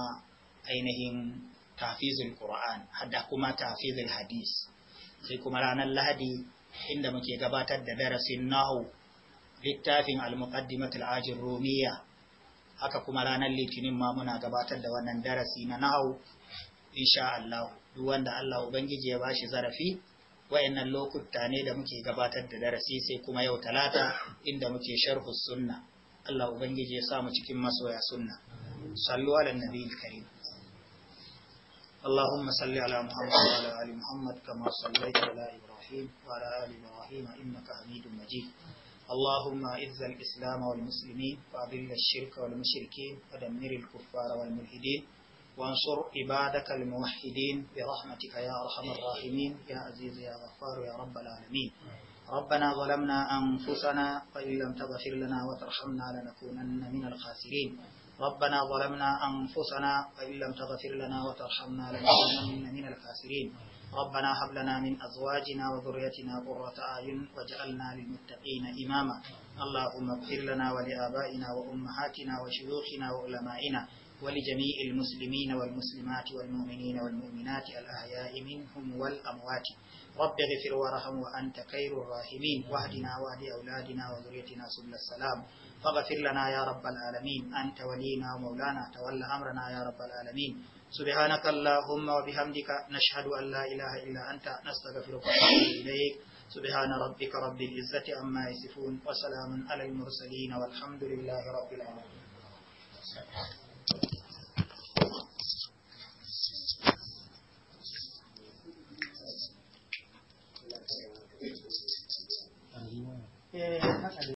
ainihin tafizul Qur'an hadda kuma tafizul hadis sai kuma ranar Lahadi inda muke gabatar da darasin nahu littafin al-muqaddimatul ajir rumiyya haka kuma ranar litinin ma muna gabatar da wannan darasi na nahu insha Allah duk wanda Allah ubangiji ya bashi zarafi wayannan lokuta ne da muke gabatar da darasi sai kuma yau talata inda muke sharhu sunna Allah Ubangiji ya samu cikin masoya sunna sallu ala nabi karim Allahumma salli ala Muhammad wa ala ali Muhammad kama sallaita ala Ibrahim wa ala ali Ibrahim innaka Hamidum Majid Allahumma izza al-Islam wal muslimin wa adhil ash-shirk wal mushrikeen wa dammir al-kuffar wal mulhidin Wansur ansur ibadaka al-muwahhidin bi rahmatika ya arhamar rahimin ya aziz ya ghaffar ya rabb al ربنا ظلمنا أنفسنا فإن لم تغفر لنا وترحمنا لنكونن من الخاسرين ربنا ظلمنا أنفسنا فإن لم تغفر لنا وترحمنا لنكونن من الخاسرين ربنا هب لنا من أزواجنا وذريتنا قرة أعين واجعلنا للمتقين إماما اللهم اغفر لنا ولآبائنا وأمهاتنا وشيوخنا وعلمائنا ولجميع المسلمين والمسلمات والمؤمنين والمؤمنات الأحياء منهم والأموات رب اغفر وارحم وأنت خير الراحمين واهدنا واهد أولادنا وذريتنا سبل السلام فاغفر لنا يا رب العالمين أنت ولينا ومولانا تولى أمرنا يا رب العالمين سبحانك اللهم وبحمدك نشهد أن لا إله إلا أنت نستغفرك ونتوب إليك سبحان ربك رب العزة عما يصفون وسلام على المرسلين والحمد لله رب العالمين